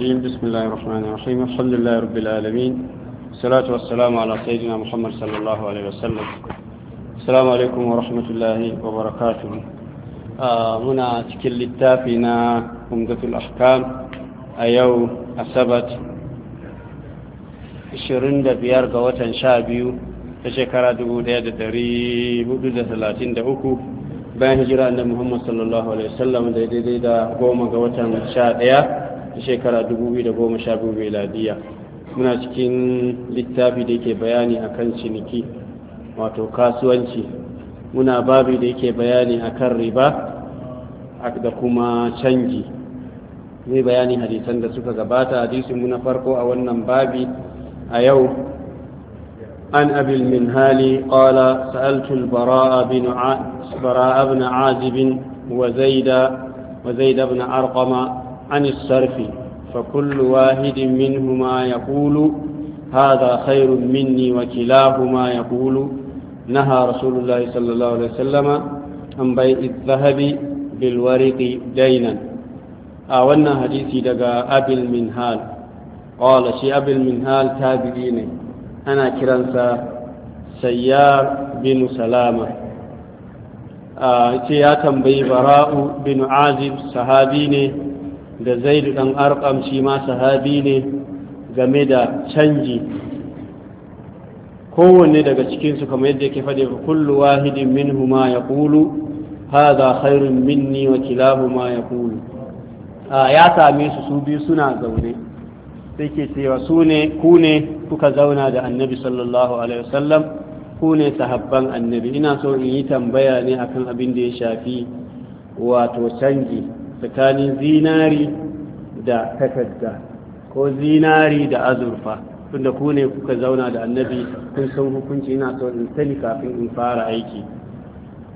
بسم الله الرحمن الرحيم الحمد لله رب العالمين والصلاة والسلام على سيدنا محمد صلى الله عليه وسلم السلام عليكم ورحمة الله وبركاته آه، هنا تكل التافنا عمدة الأحكام أيو أسبت الشرين دبيار قوة شابيو تشكر دبو ديادة دريب دودة ثلاثين دعوكو بين هجران محمد صلى الله عليه وسلم ديد ديد قوم قوة شابيو ta shekara 2012 meladiya muna cikin littafi da yake bayani kan ciniki wato kasuwanci muna babi da yake bayani akan riba da kuma canji zai bayani hadisan da suka gabata hadisin mu na farko a wannan babi a yau an abil min hali kwala البراء بن ع... براء بن عازب وزيد وزيد عن الصرف فكل واحد منهما يقول هذا خير مني وكلاهما يقول نهى رسول الله صلى الله عليه وسلم عن بيع الذهب بالورق دينا أولنا حديثي دقى أبي المنهال قال شي أبي المنهال تابعيني أنا كرنسا سيار بن سلامة آه يا تنبي براء بن عازب صحابيني da zaidu ɗan arkam shi ma sahabi ne game da canji kowanne daga cikinsu kamar yadda yake faɗi kullu wahidin minhu ma ya ƙulu haza khairun minni wa kilahu ma ya ƙulu ya same su su biyu suna zaune sai ke cewa su ne ku ne kuka zauna da annabi sallallahu alaihi wasallam ku ne sahabban annabi ina so in yi tambaya ne akan abin da ya shafi wato canji tsakanin zinari da takarda ko zinari da azurfa tunda ku ne kuka zauna da annabi kun san hukunci ina so in sani kafin in fara aiki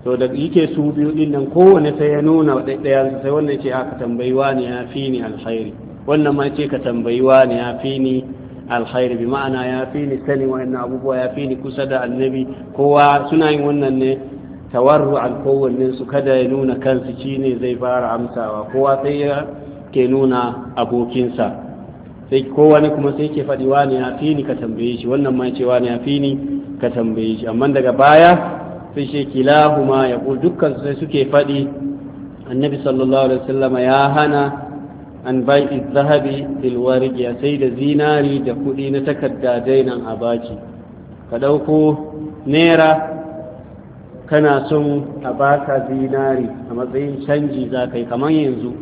to da yake su biyu din nan kowane sai ya nuna ɗayan sai wannan ce aka tambayi wani ya fi ni alkhairi wannan ma ce ka tambayi wani ya fi ni alkhairi bi ma'ana ya fi ni sani inna abubuwa ya fi ni kusa da annabi kowa suna yin wannan ne tawarru'an kowanne su kada ya nuna kansu shine zai fara amsawa kowa sai ya ke nuna abokinsa sai kowane kuma sai ke faɗi wani ya fi ni ka tambaye shi wannan ma ce wani ya fi ni ka tambaye shi amma daga baya sai shi kilahuma ya ku dukkan sai suke faɗi annabi sallallahu alaihi wasallama ya hana an bai zahabi fil warqi sai da zinari da kuɗi na takarda dainan abaci ka ɗauko naira kana son a baka zinari a matsayin canji za ka yi kamar yanzu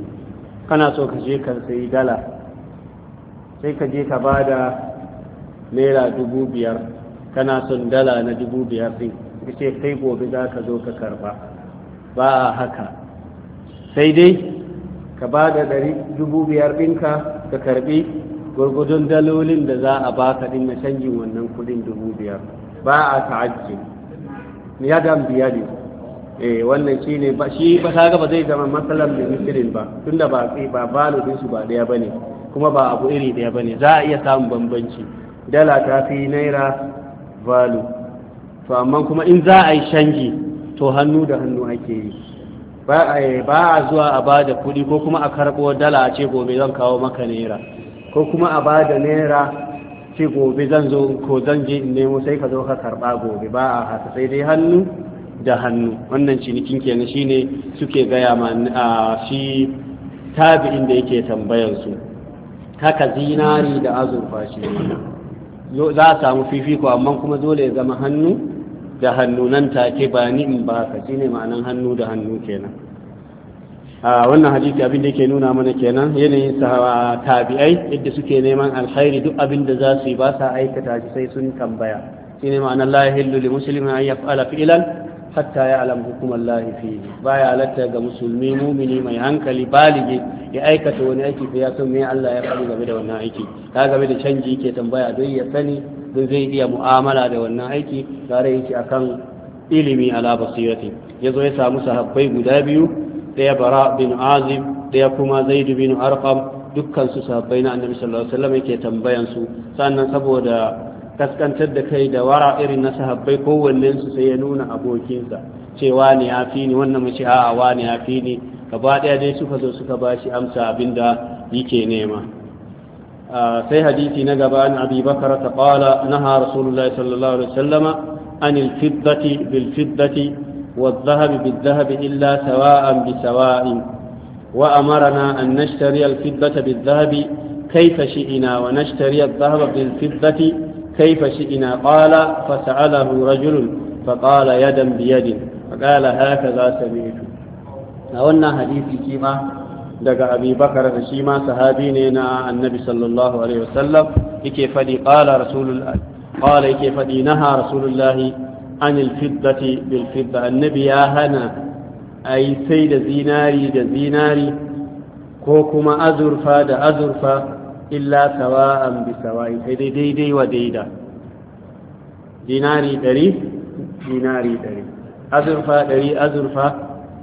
kana so ka je ka sayi dala sai ka je ka ba da naira dubu biyar kana son dala na dubu biyar din ka ce kai gobe za ka zo ka karba ba a haka sai dai ka ba da dubu biyar ɗinka ka karbi gwargwadon dalolin da za a baka ɗin na canjin wannan kudin dubu biyar ba a ta'ajjin ya da biya ne eh wannan shi ne ba shi ba ta ba zai zama matsalar da misirin ba tunda ba ba din su ba daya bane kuma ba abu iri daya bane za a iya samun bambanci dala ta fi naira valo to amma kuma in za a yi shangi to hannu da hannu ake yi eh, ba a zuwa a ba da kuɗi ko kuma a karɓo dala a ce gobe zan kawo maka naira ko kuma a ba da naira ce gobe zan zo ko zan je in nemo sai ka zo ka karɓa gobe ba a haka sai dai hannu da hannu wannan cinikin kenan shine suke gaya ma a shi tabi'in da yake tambayan su haka zinari da azurfa shi za a samu fifiko amma kuma dole ya zama hannu da hannu nan take ba ni in ba ka shine ma'anan hannu da hannu kenan wannan hadisi abin da yake nuna mana kenan yanayin sahawa tabi'ai yadda suke neman alkhairi duk abin da za su yi ba sa aikata shi sai sun tambaya shi ne ma'anar la yahillu li muslimin an yaf'ala fi'lan hatta ya'lam hukum Allah fi baya halatta ga musulmi mumini mai hankali balige ya aikata wani aiki sai ya san me Allah ya faɗi game da wannan aiki ka game da canji yake tambaya don ya sani don zai iya mu'amala da wannan aiki tare yake akan ilimi ala basirati yazo ya samu sahabbai guda biyu ɗaya bara bin azim, ɗaya kuma zaidu bin arqam dukkan sahabbai na annabi sallallahu alaihi wasallam yake tambayan su sannan saboda kaskantar da kai da wara irin na sahabbai kowanne su sai ya nuna abokinsa cewa ne ya fi ni wannan mace a'a wa ne ya fi ni gaba ɗaya dai suka zo suka ba shi amsa abinda yake nema sai hadisi na gaba an abi bakara ta qala naha rasulullahi sallallahu alaihi wasallama anil fiddati bil fiddati والذهب بالذهب إلا سواء بسواء وأمرنا أن نشتري الفضة بالذهب كيف شئنا ونشتري الذهب بالفضة كيف شئنا قال فسأله رجل فقال يدا بيد فقال هكذا سمعت أولنا حديثي كيما دقى أبي بكر رشيما صحابينينا النبي صلى الله عليه وسلم كيف قال رسول الله قال كيف نهى رسول الله an fiddati bil annabi ya hana a yi sai da zinari da zinari ko kuma azurfa da azurfa illa sawa'an bi sawa'i sai dai daidai wa daida zinari ɗari dinari ɗari azurfa ɗari azurfa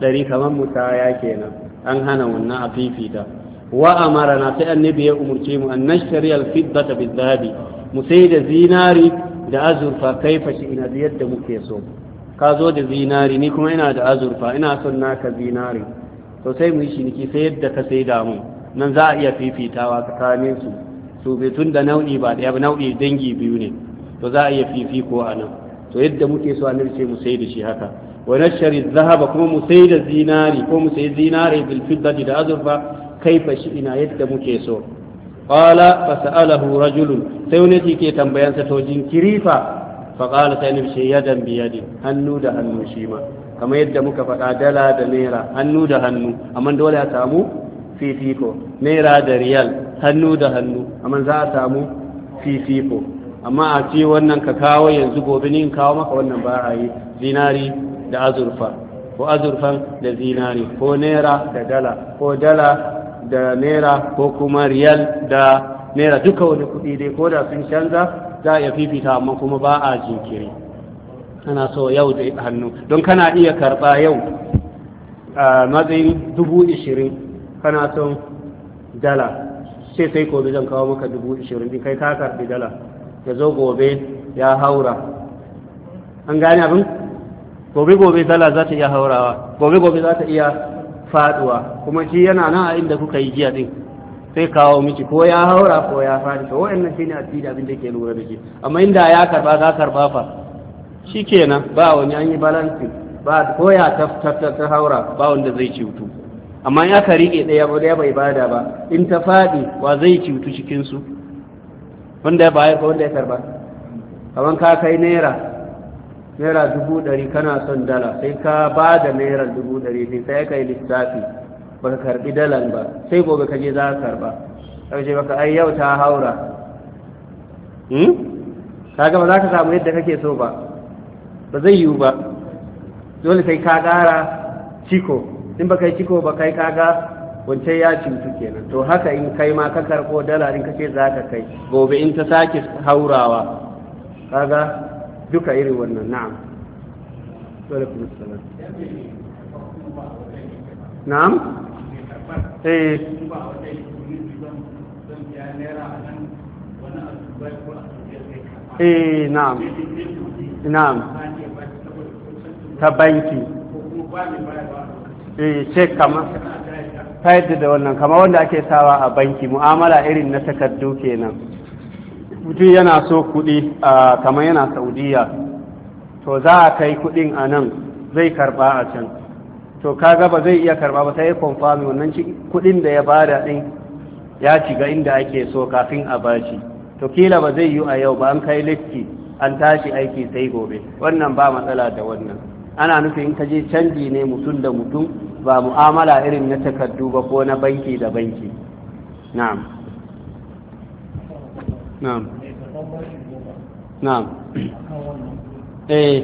ɗari kamar mutaya kenan an hana wannan a fifita wa amara na sai annabi ya umurce mu an nashtari alfiddata bi zahabi mu sai da zinari da azurfa kai shi ina da yadda muke so ka zo da zinari ni kuma ina da azurfa ina son naka zinari to sai mu yi ciniki sai yadda ka sai da mu nan za a iya fifitawa tsakanin su su bai tun da nau'i ba daya ba nau'i dangi biyu ne to za a iya fifiko a nan to yadda muke so annabi sai mu sai da shi haka wa nashari zahaba kuma mu sai da zinari ko mu sai zinari bil fiddati da azurfa kai shi ina yadda muke so qala fasalahu rajulun sai wani ke tambayansa to jinkiri fa fa qala sai ni shi hannu da hannu shi ma kamar yadda muka faɗa dala da naira hannu da hannu amma dole a samu fifiko naira da riyal hannu da hannu amma za a samu fifiko amma a ce wannan ka kawo yanzu gobe ne in kawo maka wannan ba a yi zinari da azurfa ko azurfan da zinari ko naira da dala ko dala da naira ko kuma riyal da naira duka wani kuɗi dai ko da sun canza za a iya fifita amma kuma ba a jinkiri ana so yau da hannu don kana iya karɓa yau a matsayin dubu ishirin kana son dala sai sai gobe zan kawo maka dubu ishirin din kai ka karɓi dala ya zo gobe ya haura an gane abin gobe gobe dala za ta iya haurawa gobe gobe za ta iya faduwa kuma shi yana nan a inda kuka yi jiya din sai kawo miki ko ya haura ko ya fadi to wayannan shine cikin abin da ke lura da shi amma inda ya karba ka karba fa shikenan ba wani an yi balance ba ko ya ta haura ba wanda zai ciwutu amma ya ka rike daya ba daya bai bada ba in ta fadi wa zai ciwutu cikin su wanda ya ko wanda ya karba kaman ka kai naira naira dubu ɗari kana son dala sai ka ba da naira dubu ɗari sai sai ka yi lissafi ba ka karɓi dalan ba sai gobe ka je za ka karɓa ƙarshe baka ai yau ta haura hmm? ka gama za ka samu yadda kake so ba ba zai yiwu ba dole sai ka ƙara ciko in ba kai ciko ba kai kaga wancan ya cutu kenan to haka in kai ma ka karɓo dala in ce za ka kai gobe in ta sake haurawa kaga duka irin wannan na'am na'am eh eh na'am na'am ta banki eh ce kama ta yadda da wannan kama wanda ake sawa a banki mu'amala irin na takardu kenan mutum yana so kuɗi kamar yana saudiya to za a kai kuɗin a nan zai karɓa a can to kaga ba zai iya karɓa ba ta yi kwamfami wannan kuɗin da ya bada ɗin ya shiga inda ake so kafin a bashi to kila ba zai yi a yau ba an kai lifti an tashi aiki sai gobe wannan ba matsala da wannan ana nufin in ka je canji ne mutum da mutum ba mu'amala irin na takardu ba ko na banki da banki na'am na'am na'am eh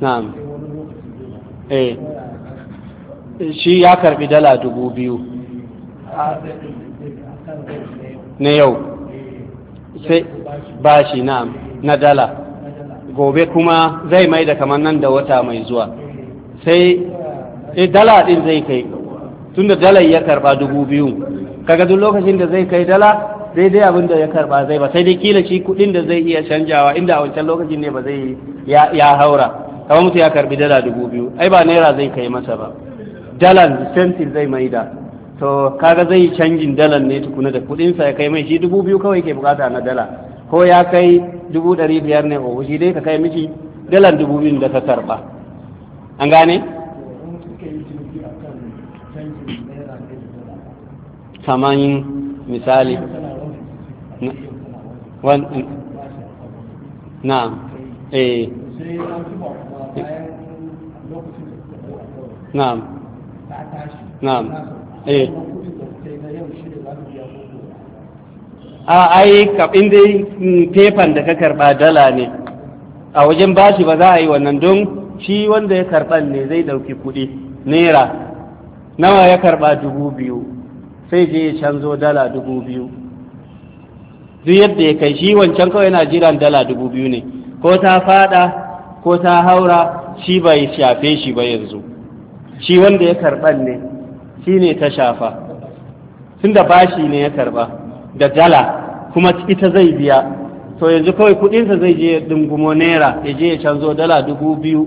na'am eh shi ya karbi dala dubu biyu na yau sai bashi na'am na dala gobe kuma zai mai da kamar nan da wata mai zuwa sai eh, dala din zai kai tunda dalar ya karba dubu biyu kaga duk lokacin da zai kai dala daidai abin da ya karba zai ba sai dai kila shi kudin da zai iya canjawa inda a wancan lokacin ne ba zai ya haura kamar mutum ya karbi dala dubu biyu ai ba naira zai kai masa ba dalan sentin zai mai da to kaga zai canjin dalan ne tukuna da kudin ya kai mai shi dubu biyu kawai ke bukata na dala ko ya kai dubu ɗari biyar ne ko oh, shi dai ka kai miki dalan dubu biyu da ka karba an gane tamanin misali na a eh. na'am na'am eh a ai kaɓin dai fefan mm, da ka karɓa dala ne a wajen bashi ba za a yi wannan don shi wanda ya karɓar ne zai dauki kuɗi naira nawa ya karɓa dubu biyu sai je ya canzo dala dubu biyu duk yadda ya kai shi wancan kawai yana jiran dala dubu biyu ne ko ta fada ko ta haura shi bai shafe shi ba yanzu shi wanda ya karban ne shi ne ta shafa tunda bashi ne ya karba da dala kuma ita zai biya to yanzu kawai kudinsa zai je dungumo naira ya je ya canzo dala dubu biyu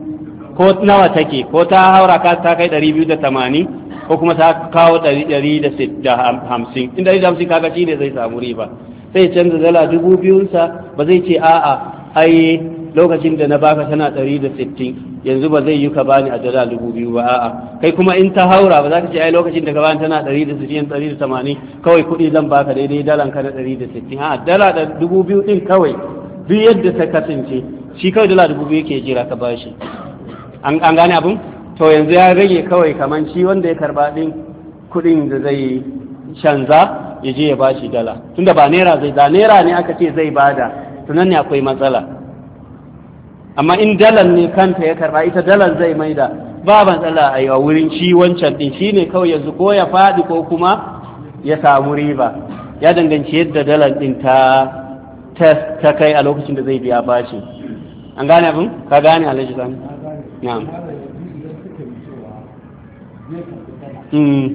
ko nawa take ko ta haura ka ta kai ɗari biyu da tamanin ko kuma ta kawo 150 ɗari da hamsin in ɗari da hamsin kaga shi ne zai samu riba sai canza dala dubu biyunsa ba zai ce a'a ai lokacin da na baka tana 160 da sittin yanzu ba zai yi ka bani a dala dubu biyu ba a'a kai kuma in ta haura ba za ka ce ai lokacin da ka bani tana 160 da da tamanin kawai kuɗi zan baka daidai dalan ka na 160 da sittin dala da dubu biyu ɗin kawai duk yadda ta kasance shi kawai dala dubu biyu ke jira ka bashi an gane abin to yanzu ya rage kawai kamar shi wanda ya karba din kudin da zai canza ya je ya bashi dala tunda ba naira zai da naira ne aka ce zai bada tunan ne akwai matsala amma in dalan ne kanta ya karba ita dalan zai maida ba matsala a yi wurin shi wancan din shi ne kawai yanzu ko ya faɗi ko kuma ya samu riba ya danganci yadda dalan din ta ta kai a lokacin da zai biya bashi an gane abin ka gane alhaji na'am Mm.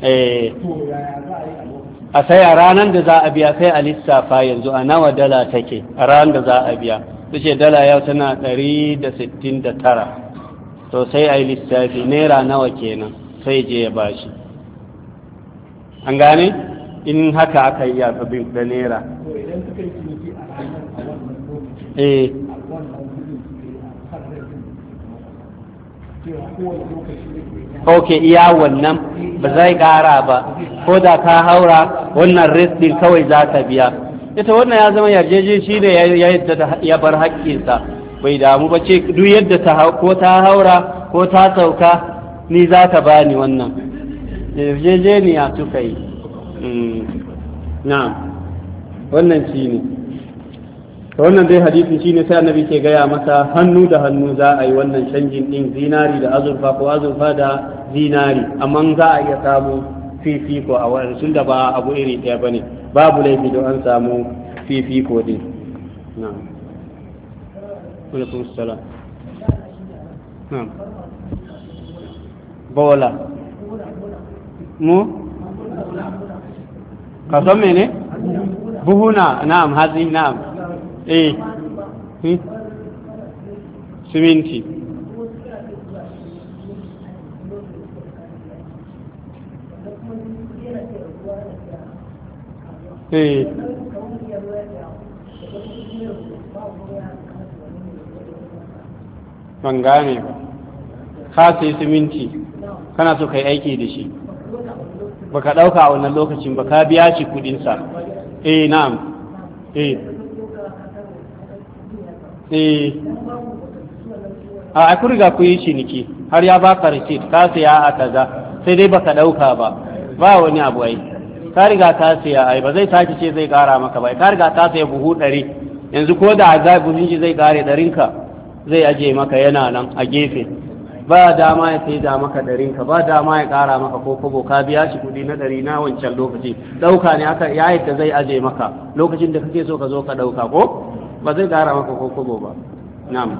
Eh, a sai a ranar da za a biya sai a lissafa yanzu a nawa dala take a ranar da za a biya su ce dala yau tana tara, to sai a yi lissafi naira nawa kenan sai je ya bashi an gane in haka aka yi yafi bin da naira Oke eh. ok iya wannan ba zai ƙara ba ko da ka haura wannan risdin kawai za ka biya ita wannan ya zama yarjeje shi ne ya bar haƙƙinsa bai damu ba ce duk yadda ta ko ta haura ko ta sauka ni za ka ba ni wannan ya tuka yi mm. na wannan shi ne ta wannan dai shi ne sai annabi ke gaya masa hannu da hannu za a yi wannan canjin din zinari da azurfa ko azurfa da zinari amma za a iya samu fifiko a wani tun da ba abu iri ɗaya ba ne babu laifi don an samu fifiko din bola mu mene buhuna na'am hazi na'am eh hmm? siminti eh ban gane ba ka siminti kana so ka yi aiki da shi baka ɗauka a wannan lokacin ba ka biya shi kudinsa eh na'am eh Eh, a kun riga ku yi ciniki har ya ba ka receipt ka siya a kaza sai dai baka dauka ba ba wani abu ai ka riga ta siya ai ba zai sake ce zai kara maka ba ka riga ta siya buhu ɗari yanzu ko da azabin shi zai kare ɗarinka zai aje maka yana nan a gefe ba dama ya sai da maka ɗarinka ba dama ya kara maka ko kobo ka biya shi kuɗi na ɗari na wancan lokaci ɗauka ne aka yayi yadda zai aje maka lokacin da kake so ka zo ka ɗauka ko ba zai gara maka ko kobo ba na'am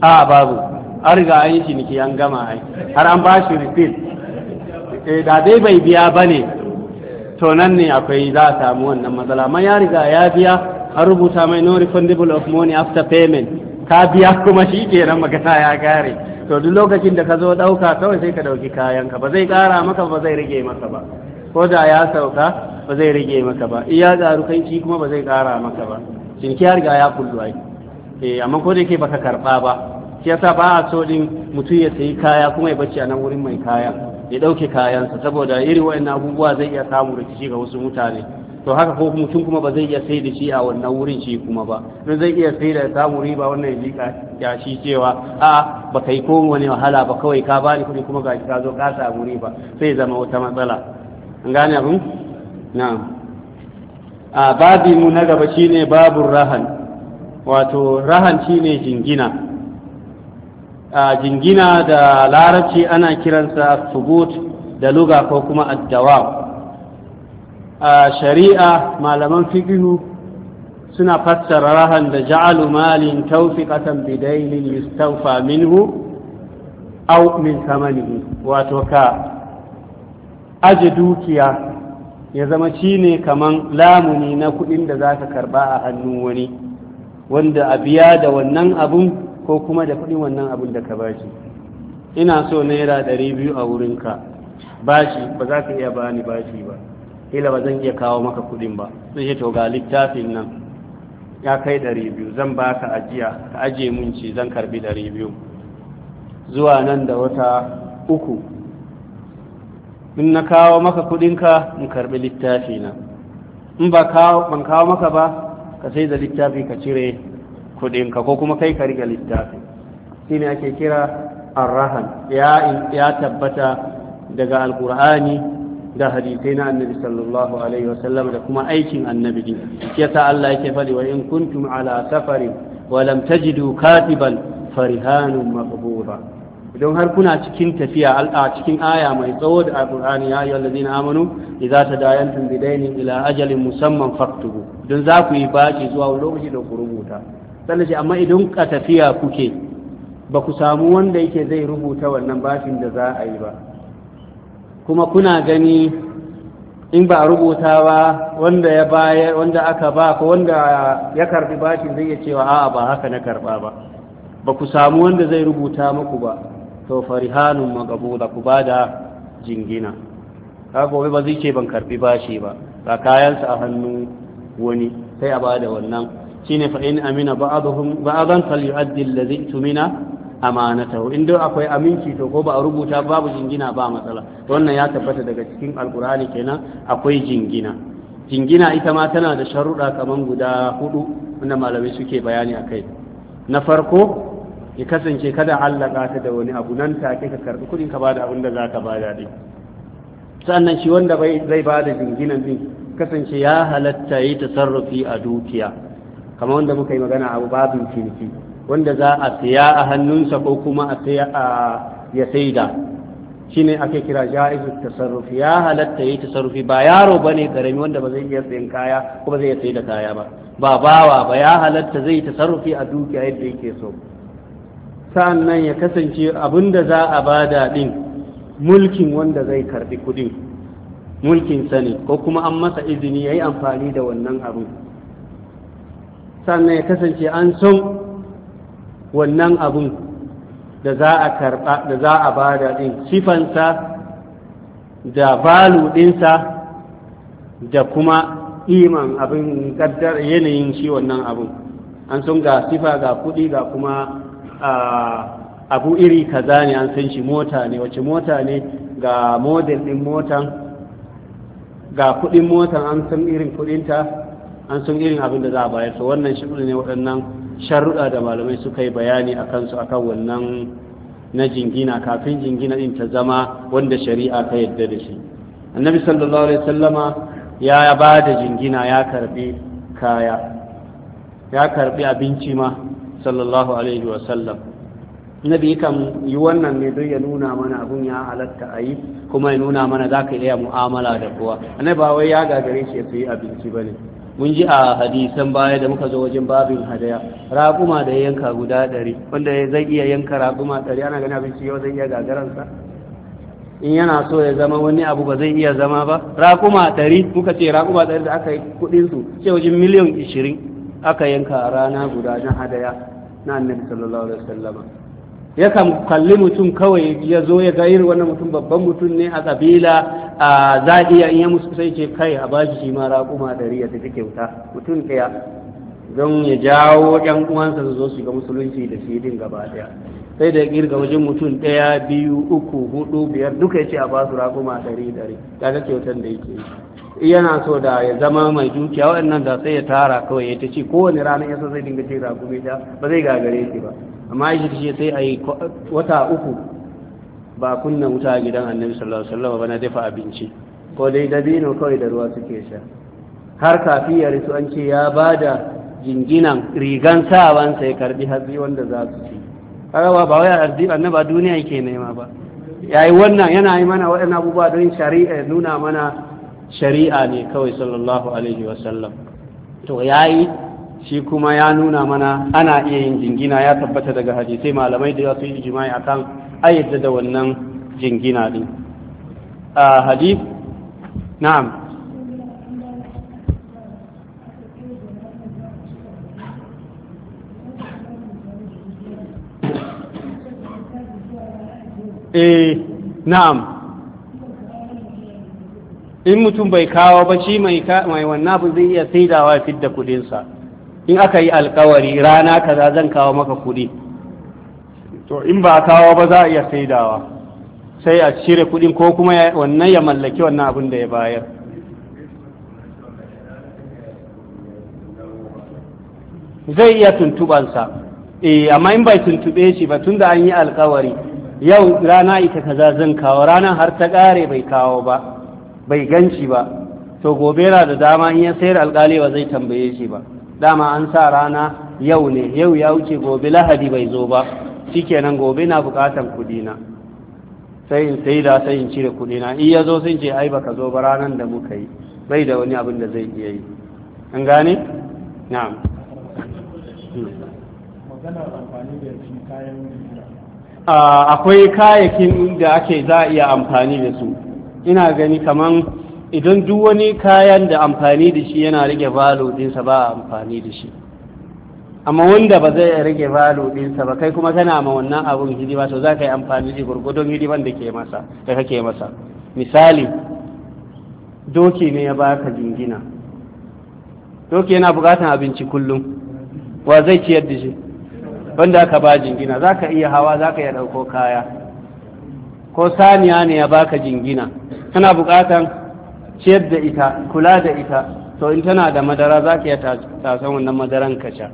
a babu an riga an yi ciniki an gama ai har an ba shi refill eh da dai bai biya ba ne to nan ne akwai za a samu wannan matsala amma ya riga ya biya an rubuta mai no refundable of money after payment ka biya kuma shi ke kenan magana ya gare to duk lokacin da ka zo ɗauka kawai sai ka ɗauki kayanka ba zai ƙara maka ba zai rage maka ba ko da ya sauka ba zai rage maka ba iya karu kuma ba zai kara maka ba ciniki ya riga ya kullu ai eh amma ko da yake baka karba ba shi yasa ba a so din mutum ya sayi kaya kuma ya bacci a nan wurin mai kaya ya dauke kayansa saboda irin wayannan abubuwa zai iya samu rikici ga wasu mutane to haka ko mutum kuma ba zai iya sai da shi a wannan wurin shi kuma ba don zai iya sai da samu riba wannan ya jika ya shi cewa a ba kai ko wani wahala ba kawai ka bani kuɗi kuma ga ka zo ka samu riba sai zama wata matsala an gane abin na'am a babi mu na gaba shine babun rahan wato rahan shine jingina a jingina da larabci ana kiransa subut da luga ko kuma addawa a shari'a malaman fiqhu suna fassara rahan da ja'alu malin tawfiqatan bidailin yustawfa minhu aw min thamanihi wato ka aje dukiya ya zama shi ne kaman lamuni na kuɗin da za ka karɓa a hannun wani wanda a biya da wannan abun ko kuma da kuɗin wannan abun da ka bashi ina so naira ɗari biyu a wurinka bashi ba za ka iya bani bashi ba kila ba zan iya kawo maka kuɗin ba sai ce littafin nan ya kai ɗari biyu zan ba ka ajiya ka ajiye mun ci zan karbi ɗari biyu zuwa nan da wata uku in na kawo maka kudinka in karbi littafi na in ba ban kawo maka ba ka sai da littafi ka cire kudinka ko kuma kai ka riga littafi shi ne ake kira arrahan ya tabbata daga alkur'ani da hadisai na annabi sallallahu alaihi wasallam da kuma aikin annabi din yasa Allah yake faɗi wa in kuntum ala safarin wa lam tajidu katiban farihanun maqbura don har kuna cikin tafiya a cikin aya mai tsawo da alkur'ani ya ayyuhal ladina amanu idza tadayantum bidainin ila ajalin musamman faktubu don za ku yi baki zuwa wani lokaci da ku rubuta sannan shi amma idan ka tafiya kuke ba ku samu wanda yake zai rubuta wannan bashin da za a yi ba kuma kuna gani in ba a rubuta ba wanda ya bayar wanda aka ba ko wanda ya karbi bashin zai iya cewa a'a ba haka na karba ba ba ku samu wanda zai rubuta muku ba to farihanun magabula ku da jingina ka gobe ba zai ce ban karbi bashi ba Ba kayansa a hannu wani sai a bada wannan shi ne fa’in amina ba ba'dhum addin da zai tumina amanatahu in dai akwai aminci to ko ba a rubuta babu jingina ba matsala wannan ya tabbata daga cikin alkur'ani kenan akwai jingina jingina ita ma tana da sharuɗa kamar guda hudu wanda malamai suke bayani a kai. na farko ya kasance kada allaka ta da wani abu nan take ka karbi kudin ka bada abin da za ka bada din sannan shi wanda bai zai bada jinginan din kasance ya halatta yi tasarrufi a dukiya kamar wanda muka yi magana abu babin ciniki wanda za a siya a hannunsa ko kuma a siya a ya saida shine ake kira ja'izu tasarrufi ya halatta yi tasarrufi ba yaro bane karami wanda ba zai iya sayan kaya ko ba zai iya saida kaya ba ba bawa ba ya halatta zai tasarrufi a dukiya yadda yake so sa'an ya kasance abin da za a bada din mulkin wanda zai karbi kudin mulkin sani ko kuma an masa izini ya yi amfani da wannan abin sannan ya kasance an son wannan abin da za a karba da za a bada din sifansa da balu dinsa da kuma iman abin kaddar yanayin shi wannan abin an sun ga sifa ga kuɗi, ga kuma abu iri kaza ne an san shi mota ne wace mota ne ga model ɗin motan ga kuɗin motan an san irin kuɗinta an san irin abin da za a bayar to wannan shi ne waɗannan sharuɗa da malamai suka yi bayani a kansu akan wannan na jingina kafin jingina ɗin ta zama wanda shari'a ta yadda da shi annabi sallallahu alaihi wasallama ya ba da jingina ya karbi kaya ya karbi abinci ma sallallahu alaihi wasallam nabi kan yi wannan ne don ya nuna mana abun ya halatta a yi kuma ya nuna mana za ka iya mu'amala da kowa annabi ba wai ya gagare shi ya yi abinci ba ne mun ji a hadisan baya da muka zo wajen babin hadaya raƙuma da ya yanka guda ɗari wanda zai iya yanka raƙuma ɗari ana gani abinci yau zai iya gagaransa in yana so ya zama wani abu ba zai iya zama ba raƙuma ɗari muka ce raƙuma ɗari da aka yi kuɗinsu ce wajen miliyan ishirin aka yanka a rana guda na hadaya na annabi sallallahu alaihi wasallama yakan kalli mutum kawai ya zo ya ga irin wannan mutum babban mutum ne a kabila a zaɗiya in ya musu sai ce kai a bashi shi ma raƙuma ɗari ya tafi kyauta mutum ɗaya don ya jawo ƴan uwansa su zo su ga musulunci da shi din gaba ɗaya sai da ya kirga wajen mutum ɗaya biyu uku hudu biyar duka ya ce a basu raƙuma ɗari ɗari ga kyautar da yake yana so da ya zama mai dukiya waɗannan da sai ya tara kawai ya ta ci kowane rana ya so zai dinga ce raƙumi ta ba zai gagare shi ba amma ya shi sai a yi wata uku ba kunna wuta a gidan annabi sallallahu alaihi wasallam dafa abinci ko dai dabino kawai da ruwa suke sha har kafi ya rasu an ce ya bada jinginan rigan sawan ya karbi hatsi wanda za su ci karawa ba wai annabi ba duniya yake nema ba yayi wannan yana yi mana waɗannan abubuwa don shari'a nuna mana shari'a ne kawai sallallahu alaihi wa sallam to yayi shi kuma ya nuna mana ana iya yin jingina ya tabbata daga hadisai malamai da su yi jima'i akan ayyadda da wannan jingina din a ah, hadith na'am eh na'am in mutum bai kawo ba shi mai wannan abu zai iya saidawa ya da kudinsa in aka yi alkawari rana kaza zan kawo maka kudi to in ba kawo ba za a iya saidawa sai a cire kudin ko kuma wannan ya mallaki wannan abin da ya bayar zai iya tuntubansa eh amma in bai tuntube shi ba tun da an yi alkawari yau rana ita kaza zan kawo rana har ta ƙare bai kawo ba bai ganci ba to gobe yana da dama in ya sayar alƙali ba zai tambaye shi ba dama an sa rana yau ne yau ya wuce gobe lahadi bai zo ba shikenan gobe na buƙatan kudina sai in sai da sai in cire kudina in ya zo sun ce ai baka zo ba ranan da muka yi bai da wani abin da zai iya yi an gane na'am Magana amfani da kayan akwai kayakin da ake za a iya amfani da su ina gani kaman idan duk wani kayan da amfani da shi yana rage valo dinsa ba amfani da shi amma wanda ba zai rage valo dinsa ba kai kuma kana ma wannan abun hidima to za ka yi amfani da gurgudun hidiman da ke masa da kake masa misali doki ne ya baka jingina doki yana bukatan abinci kullum wa zai ciyar da shi wanda aka ba jingina za ka iya hawa za ka iya ɗauko kaya ko saniya ne ya baka jingina tana buƙatan ciyar da ita kula da ita to in tana da madara za ka iya tasan wannan madaran ka sha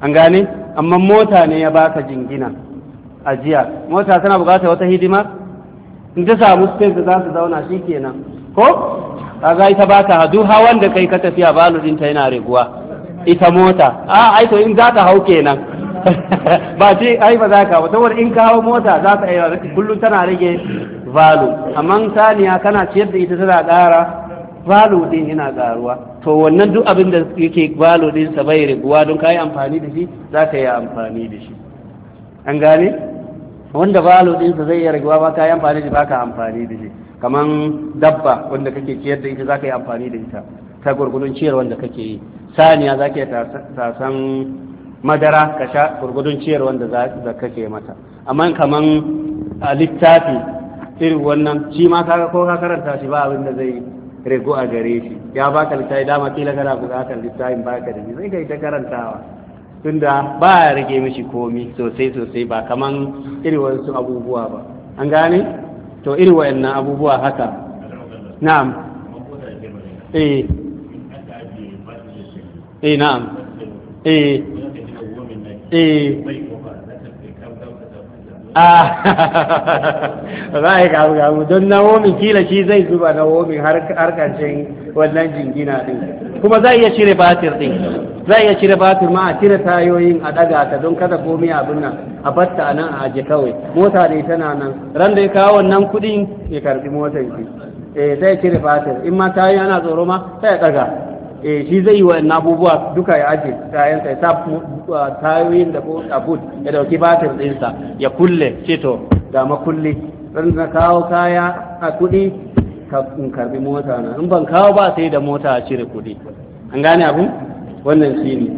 an gane amma mota ne ya baka jingina ajiya mota tana buƙatar wata hidima in ta samu space za su zauna shi kenan ko kaga ita ba ta hadu hawan da kai ka tafiya balu ɗinta yana riguwa ita mota a aito in za ta hau kenan ba ce ai ba za ka ba saboda in kawo mota za ka iya kullum tana rage valo amma saniya kana ciyar da ita tana ƙara valo din yana ƙaruwa to wannan duk abin da yake valo din sa bai riguwa don ka yi amfani da shi za ka yi amfani da shi an gane wanda valo din sa zai yi riguwa ba ka yi amfani da ba ka amfani da shi kamar dabba wanda kake ciyar da ita za ka yi amfani da ita ta gurgurun ciyar wanda kake yi saniya za ka yi tasan madara ka sha gurgudun ciyar wanda za ka ke mata amma kaman a littafi irin wannan shi ma kaga ko ka karanta shi ba abin da zai rego a gare shi ya baka littafi dama kila kana bukatar littafin baka da shi sai kai ta karantawa tunda ba ya rage mishi komi sosai sosai ba kaman irin wasu abubuwa ba an gane to irin wayannan abubuwa haka na'am eh eh na'am eh eh za a yi gabu don min kila shi zai zuba nawomin harkancin wannan jingina din kuma za iya cire batir din za iya cire batir ma a cire tayoyin a daga ta don kada komi abin nan a batta a nan a aje kawai mota ne tana nan ran da ya kawo wannan kudin ya karbi motar ki eh zai cire batir in ma tayoyi ana tsoro ma sai ya daga eh shi zai yi wa abubuwa duka ya aje kayansa ya uh, ta yi da abud ya dauki batir ya kulle ce to ga makulli ɗan na kawo kaya a kuɗi in karbi mota na in ban kawo ba sai da mota a cire kuɗi an gane abu wannan shi ne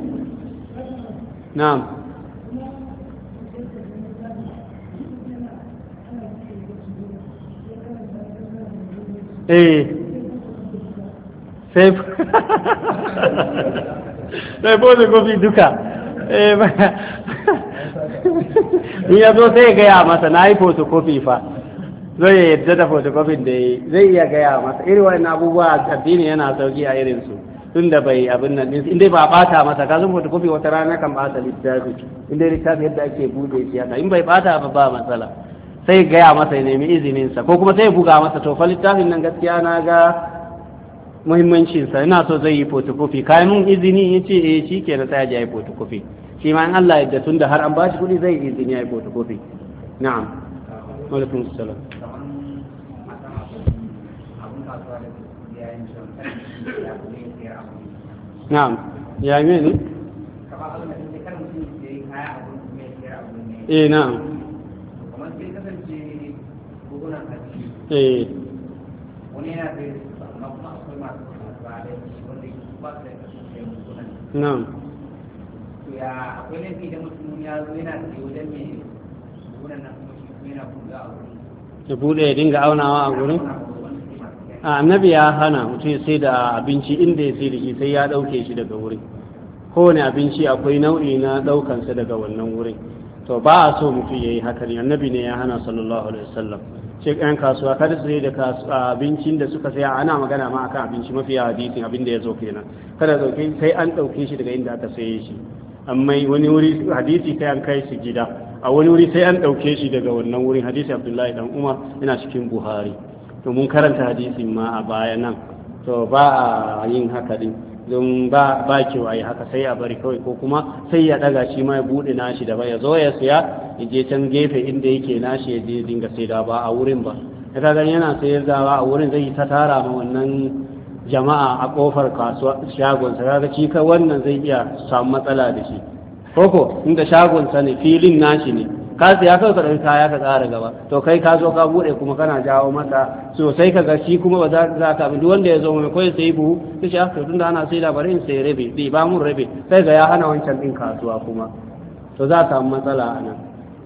na'am eh sai bude kofi duka in ya zo sai gaya masa na yi fotokofi fa zai ya yadda da fotokofin da yi zai iya gaya masa irin wani abubuwa addini yana sauki a irinsu tun da bai abin nan din inda ba bata masa ka zun fotokofi wata rana kan bata littafi inda littafi yadda ake bude shi haka in bai bata ba ba matsala sai gaya masa ya nemi izinin sa ko kuma sai ya buga masa to fa littafin nan gaskiya na ga muhimmancinsa ina so zai yi photocopy kayan mun izini ya ce eh shi ke na sai ya yi shi ma in Allah ya tun har an bashi kuɗi zai yi izini ya yi fotokofi na'am alaikum salam na'am ya yi ne eh na'am eh wani yana na'am ya akwai laifi da mutum ya zo yana da wajen mai wurin nan kuma shi yana buɗe a wurin ya buɗe ya dinga aunawa a wurin a annabi ya hana mutum sai da abinci inda ya sai da shi sai ya ɗauke shi daga wurin kowane abinci akwai nau'i na ɗaukansa daga wannan wurin to ba a so mutum ya yi hakan annabi ne ya hana sallallahu alaihi wasallam ɗan kasuwa kada su da abincin da suka saya ana magana ma akan abinci mafi hadisin abin da ya zo kenan kada dauke sai an ɗauke shi daga inda aka saye shi amma wani wuri hadisi sai an kai su gida a wani wuri sai an ɗauke shi daga wannan wurin hadisi Abdullahi dan Umar yana cikin Buhari to mun karanta hadisin ma a baya nan to ba a yin haka din don ba ba ki yi haka sai a bari kawai ko kuma sai ya daga shi ma ya bude nashi da ba ya zo ya siya ya je can gefe inda yake nashi ya je dinga sai da ba a wurin ba ya gan yana sayar da ba a wurin zai ta tara ma wannan jama'a a kofar kasuwa shagonsa kaga shi ka wannan zai iya samu matsala da shi koko inda shagonsa ne filin nashi ne ka siya kawai ka ɗauki kaya ka tsara gaba to kai ka zo ka buɗe kuma kana jawo masa sosai ka gashi kuma ba za ka abin duk wanda ya zo mai koyi sai buhu ta ce aka tunda ana sai da bari in sai rabe bai ba mun rabe sai ga ya hana wancan ɗin kasuwa kuma to za ka matsala a nan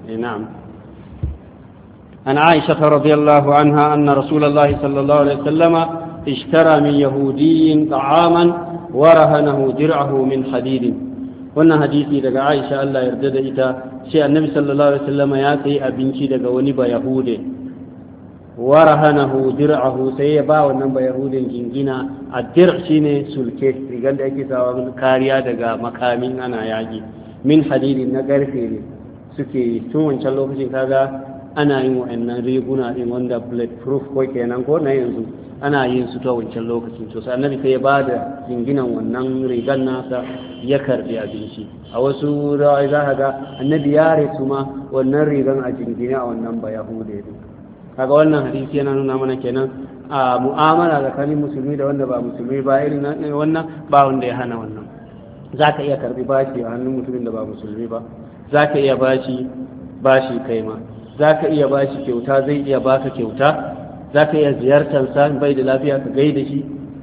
eh, na'am an aisha ta radiyallahu anha anna rasulullahi sallallahu alaihi wasallama ishtara min Yahudiyin, ta'aman ورهنه درعه من حديد wannan hadisi daga Aisha Allah yarda da ita shi annabi sallallahu alaihi wasallam ya sayi abinci daga wani ba yahude dir'ahu sai ya ba wannan ba yahudin jingina addir shine sulke rigar da yake sawa kariya daga makamin ana yaki min hadidin na karfe ne suke tun wancan lokacin kaga ana yin wa'annan riguna din wanda blade proof ko kenan ko na yanzu ana yin su ta wancan lokacin to sai annabi kai ya bada jinginan wannan rigan nasa ya karbi abinci a wasu rawai za ka ga annabi ya rasu ma wannan rigan a jingina a wannan ba yahude din kaga wannan hadisi yana nuna mana kenan a mu'amala tsakanin musulmi da wanda ba musulmi ba irin wannan ba wanda ya hana wannan za ka iya karbi bashi a hannun mutumin da ba musulmi ba za ka iya bashi bashi kai ma za ka iya ba shi kyauta zai iya baka kyauta za ka iya ziyartar sa bai da lafiya ka gai da shi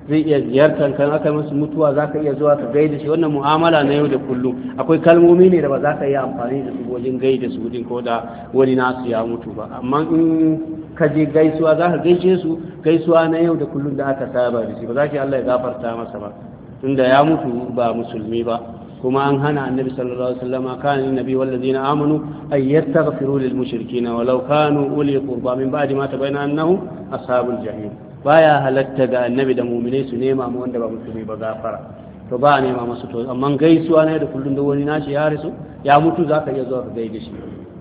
zai iya ziyartar kan aka masu mutuwa za ka iya zuwa ka gai da shi wannan mu'amala na yau da kullum akwai kalmomi ne da ba za ka iya amfani da su wajen gai da su wajen ko da wani nasu ya mutu ba amma in ka je gaisuwa za ka gaishe su gaisuwa na yau da kullum da aka saba da shi ba za ki Allah ya gafarta masa ba tunda ya mutu ba musulmi ba kuma an hana annabi sallallahu alaihi wasallam nabi annabi wallazina amanu ay yastaghfiru lil mushrikeen walau kanu uli qurba min ba'di ma tabayyana annahu ashabul jahim baya halatta ga annabi da mu'minai su nema mu wanda ba musulmi ba gafara to ba nema masu to amma gaisuwa ne da kullun da wani nashi ya rasu ya mutu zaka iya zuwa ka gaida shi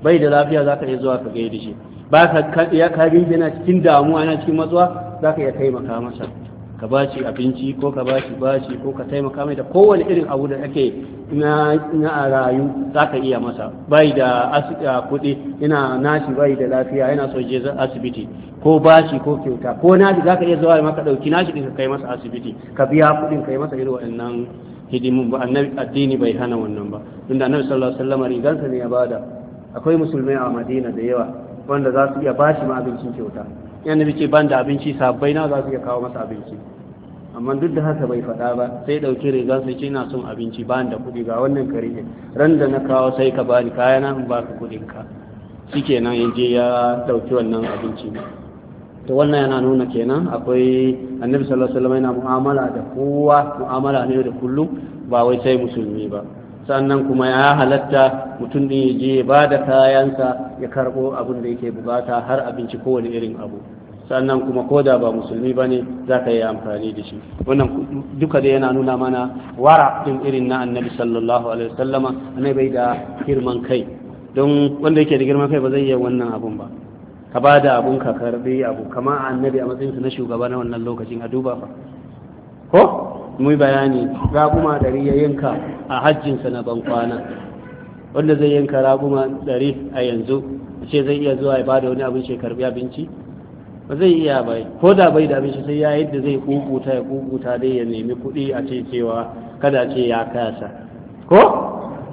bai da lafiya zaka iya zuwa ka gaida shi ba ka ya ka yana cikin damuwa na cikin matsuwa zaka iya taimaka masa ka ba shi abinci ko ka ba shi bashi ko ka taimaka mai da kowane irin abu da ake na a rayu za ka iya masa bai da kuɗi yana nashi bai da lafiya yana so je asibiti ko bashi ko kyauta ko nashi za ka iya zuwa maka ɗauki nashi ɗin ka kai masa asibiti ka biya kuɗin ka yi masa irin waɗannan hidimun ba annabi addini bai hana wannan ba inda annabi sallallahu alaihi wasallam rigansa ne ya bada akwai musulmai a madina da yawa wanda za su iya bashi ma abincin kyauta yana ce ban da abinci sabbai na za su iya kawo masa abinci amma duk da haka bai faɗa ba sai ɗauki riga sai ce na son abinci ban da kuɗi ga wannan kare ne ran da na kawo sai ka bani kaya na ba ka kuɗin ka shikenan ya je ya ɗauki wannan abinci to wannan yana nuna kenan akwai annabi sallallahu alaihi wasallam yana mu'amala da kowa mu'amala ne da kullum ba wai sai musulmi ba sannan kuma ya halatta mutum ɗin ya je ba da kayansa ya karɓo abin da yake bukata har abinci kowane irin abu sannan kuma ko da ba musulmi ba ne za ka yi amfani da shi wannan duka da yana nuna mana wara ɗin irin na annabi sallallahu alaihi wasallama annabi da girman kai don wanda yake da girman kai ba zai yi wannan abun ba ka ba da abun ka karbi abu kama annabi a matsayinsa na shugaba na wannan lokacin a duba fa ko mu bayani raguma dari ya yanka a hajjinsa na bankwana wanda zai yanka raguma dari a yanzu ce zai iya zuwa ya bada wani abin shekarbi abinci ba zai iya ba ko da bai da shi sai ya yadda zai kukuta ya kukuta dai ya nemi kuɗi a ce cewa kada ce ya kasa ko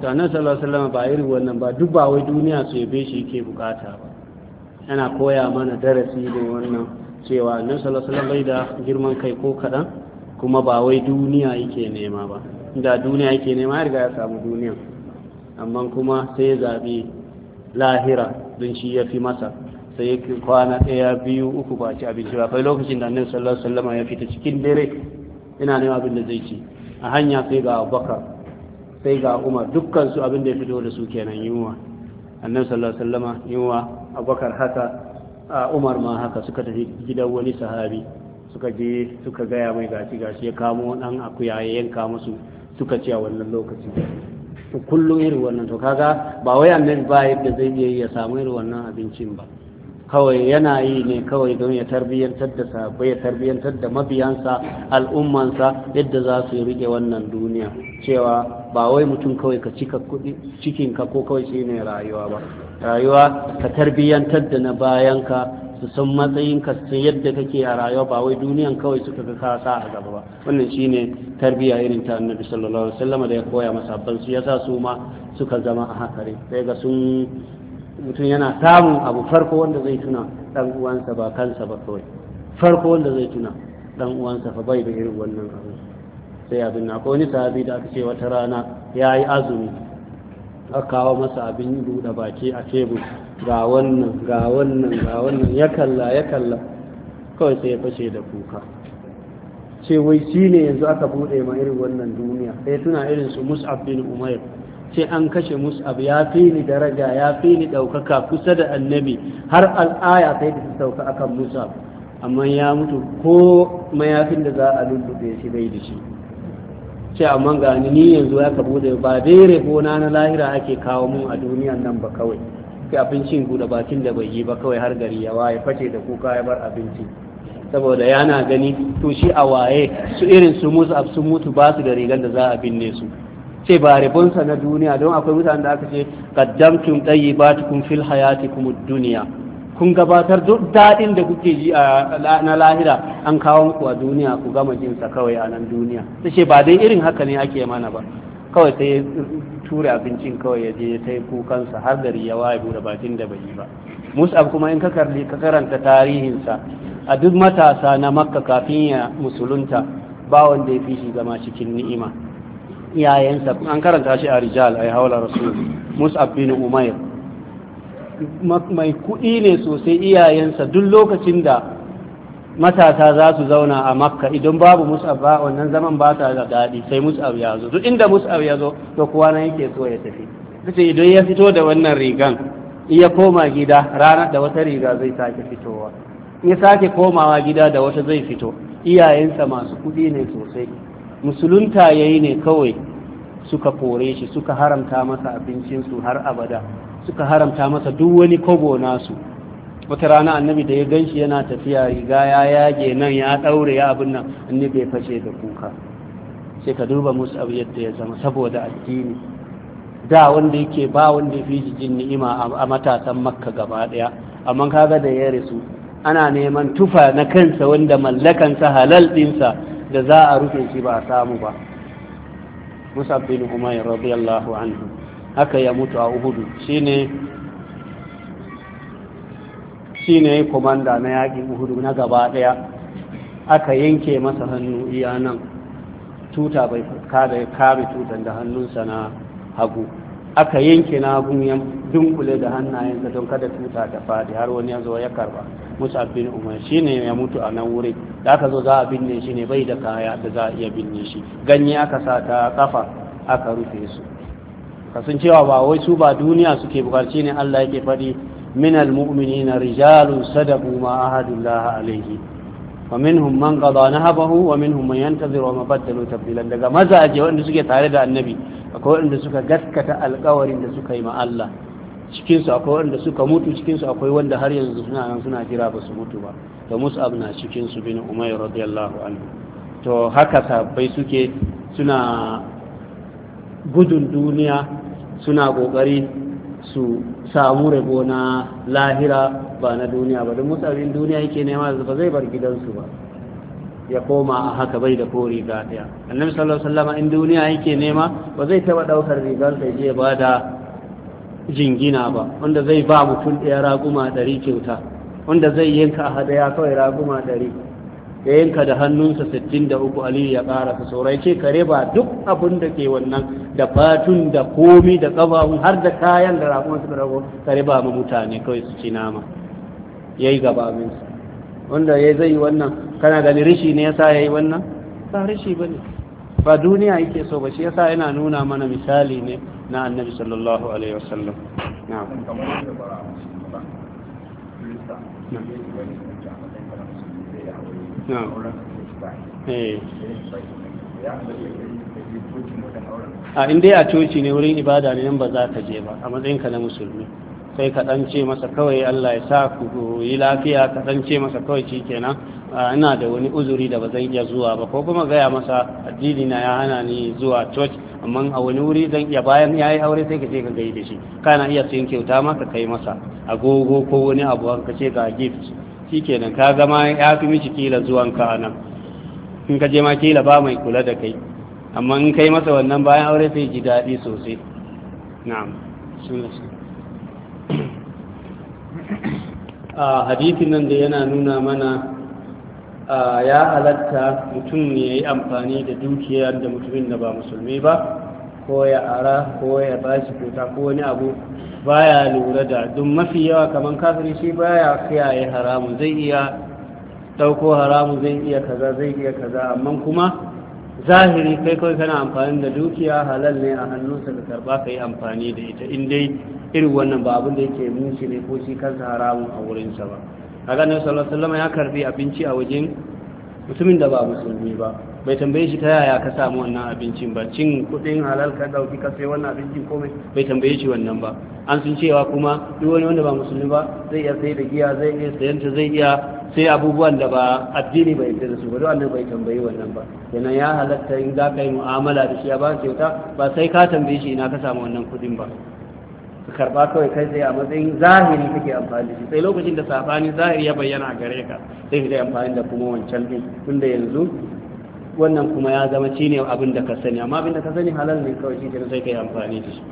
to nan sallallahu alaihi wasallam ba irin wannan ba duk ba wai duniya su yabe shi yake bukata ba yana koya mana darasi da wannan cewa nan sallallahu bai da girman kai ko kaɗan kuma ba wai duniya yake nema ba da duniya yake nema ya riga ya samu duniya amma kuma sai ya zabi lahira don shi ya fi masa sai yake kwana ɗaya biyu uku ba ci abinci ba kai lokacin da annabi sallallahu alaihi wasallam ya fita cikin dare ina ne abin da zai ci a hanya sai ga Abubakar sai ga Umar dukkan su abin da ya fito da su kenan yunwa annabi sallallahu alaihi wasallam yunwa Abubakar haka a Umar ma haka suka tafi gidan wani sahabi suka je suka gaya mai gashi gashi ya kamo dan akuya ya yanka musu suka ci a wannan lokacin. kullum irin wannan to kaga ba wai annabi ba yadda zai iya ya samu irin wannan abincin ba kawai yana yi ne kawai don ya tarbiyyantar da ya tarbiyyantar da mabiyansa al'ummansa yadda za su rike wannan duniya cewa ba wai mutum kawai ka cika ka ko kawai shi ne rayuwa ba rayuwa ka tarbiyyantar da na bayanka su san matsayinka su yadda kake a rayuwa ba wai duniyan kawai suka ga kasa a gaba ba wannan shine tarbiyya irin ta annabi sallallahu alaihi wasallam da ya koya masa ban su yasa su ma suka zama a hakare sai ga sun mutum yana samun abu farko wanda zai tuna dan uwansa ba kansa ba kawai farko wanda zai tuna dan uwansa fa bai da irin wannan abu sai abin na ko wani sahabi da aka ce wata rana ya yi azumi a kawo masa abin yi buɗe baki a tebur ga wannan ga wannan ga wannan ya kalla ya kalla kawai sai ya fashe da kuka ce wai shi ne yanzu aka buɗe ma irin wannan duniya sai tuna irin su mus'ab bin umair ce an kashe mus'ab ya fi ni daraja ya fi ni ɗaukaka kusa da annabi har al'aya sai da su sauka akan mus'ab amma ya mutu ko mayafin da za a lullube shi bai da shi ce amma ga ni yanzu ya kabo da ba dai rabona na lahira ake kawo mun a duniyan nan ba kawai Kai abincin guda bakin da bai yi ba kawai har gari ya waye face da kuka ya bar abinci saboda yana gani to shi a waye su irin su musu sun mutu ba su da rigar da za a binne su ce ba rabonsa na duniya don akwai mutane da aka ce kaddamtum tayyibatukum fil hayatikum ad-dunya kun gabatar duk daɗin da kuke ji a na lahira an kawo muku a duniya ku gama jin sa kawai a nan duniya ta ce ba dai irin haka ne ake mana ba kawai sai tura abincin kawai ya je ta yi kukansa har gari ya waye bude bakin da bai yi ba mus'ab kuma in ka karanta tarihinsa a duk matasa na makka kafin ya musulunta ba wanda ya fi shi zama cikin ni'ima iyayensa an karanta shi a rijal ai haula rasul mus'ab bin umair mai kuɗi ne sosai iyayensa duk lokacin da matasa za su zauna a makka idan babu mus'ab ba wannan zaman ba ta da daɗi sai mus'ab ya zo duk inda mus'ab ya zo to kowa nan yake so ya tafi kace idan ya fito da wannan rigan iya koma gida ranar da wata riga zai sake fitowa ya sake komawa gida da wata zai fito iyayensa masu kuɗi ne sosai musulunta ya yi ne kawai suka kore shi suka haramta masa abincinsu har abada suka haramta masa duk wani kobo nasu wata rana annabi da ya ganshi yana tafiya riga ya yage nan ya daure ya abin nan annabi bai fashe da kuka sai ka duba musu abu yadda ya zama saboda addini da wanda yake ba wanda fi jin ni'ima a matasan makka gaba daya amma kaga da ya rasu ana neman tufa na kansa wanda mallakansa halal dinsa da za a rufe shi ba a samu ba Musa bin Umar radiyallahu anhu haka ya mutu a uhudu ya yi komanda na yaƙi uhudu na gaba ɗaya aka yanke masa hannu iya nan tuta bai kada ya kare tutan da hannunsa na hagu aka yanke na gunyan dunkule da hannayensa don kada tuta ta fadi har wani ya zo ya karba musa bin umar shine ya mutu a nan wuri da aka zo za a binne shi ne bai da kaya da za a iya binne shi ganye aka sa ta kafa aka rufe su kasan cewa ba wai su ba duniya suke bukarci ne allah yake faɗi min mu'minina rijalun sadaqu ma ahadullah alaihi wa من قضى نهبه ومنهم wa ينتظر وما بدلوا wa ma badalu tabdilan daga mazaje wanda suke tare da annabi akwai wanda suka gaskata alƙawarin da suka yi ma Allah cikin su akwai wanda suka mutu cikin su akwai wanda har yanzu suna nan suna jira ba su mutu ba to Mus'ab na cikin su bin Umayr radiyallahu anhu to haka sabbai suke suna gudun duniya suna kokari su samu rabo na lahira ba na duniya ba don mutanen duniya yake nema ba zai bar gidansu ba ya koma a haka bai da ko riga daya annabi sallallahu alaihi wasallam in duniya yake nema ba zai taba daukar rigar sai je ba da jingina ba wanda zai ba mutum daya raguma ɗari kyauta wanda zai yanka a ya kawai raguma ɗari ya yanka da hannunsa 63 aliyu ya ƙara ka saurai ce kare ba duk abin da ke wannan da fatun da komi da ƙafafun har da kayan da ragon su rago kare ba mu mutane kawai su ci nama ya yi gaba abinsa wanda ya zai yi wannan kana gani rishi ne ya sa ya yi wannan ba rishi ba ne ba duniya yake so ba shi ya sa yana nuna mana misali ne na annabi sallallahu alaihi wasallam na eh. a inda ya coci ne wurin ibada ne nan ba za ka je ba a matsayinka na musulmi sai ka dan ce masa kawai Allah ya sa ku yi lafiya ka dan ce masa kawai shikenan ina da wani uzuri da bazan iya zuwa ba ko kuma gaya masa addini na ya hana ni zuwa church amma a wani wuri zan iya bayan ya yi aure sai ka ce ka gaida shi kana iya sayin kyauta ma kai masa agogo ko wani abu ka ce ga gift shikenan ka zama ya fi mishi kila zuwan ka nan in ka je ma kila ba mai kula da kai amma in kai masa wannan bayan aure sai ji daɗi sosai na'am sunan a hadithin nan da yana nuna mana ya halatta mutum ya yi amfani da dukiya da mutumin da ba musulmi ba ko ya ara ko ya bashi kuta ko wani abu baya lura da duk mafi yawa kamar kafin shi baya kiyaye haramun zai iya dauko haramun zai iya kaza zai iya kaza amma kuma zahiri kai kawai kana amfani da dukiya halal ne a hannunsa ka karba ka yi amfani da ita in dai irin wannan ba abin da yake mushi ne ko shi kansa haramun a wurinsa ba a ganin sallallahu alaihi wasallam ya karbi abinci a wajen mutumin da ba musulmi ba bai tambaye shi ta yaya ka samu wannan abincin ba cin kudin halal ka dauki ka sai wannan abincin komai bai tambaye shi wannan ba an sun cewa kuma duk wani wanda ba musulmi ba zai iya sai da giya zai iya sayanta zai iya sai abubuwan da ba addini bai yarda da su ba wannan bai tambaye wannan ba yana ya halatta in za ka yi mu'amala da shi ya ba kyauta ba sai ka tambaye shi ina ka samu wannan kudin ba ka karba kawai kai tsaye a matsayin zahiri kake amfani da shi sai lokacin da safanin zahiri ya bayyana a gare ka sai ka amfani da kuma wancan din tunda yanzu wannan kuma ya zama shi ne abin da ka sani amma abin da ka sani halal ne kawai shi sai ka yi amfani da shi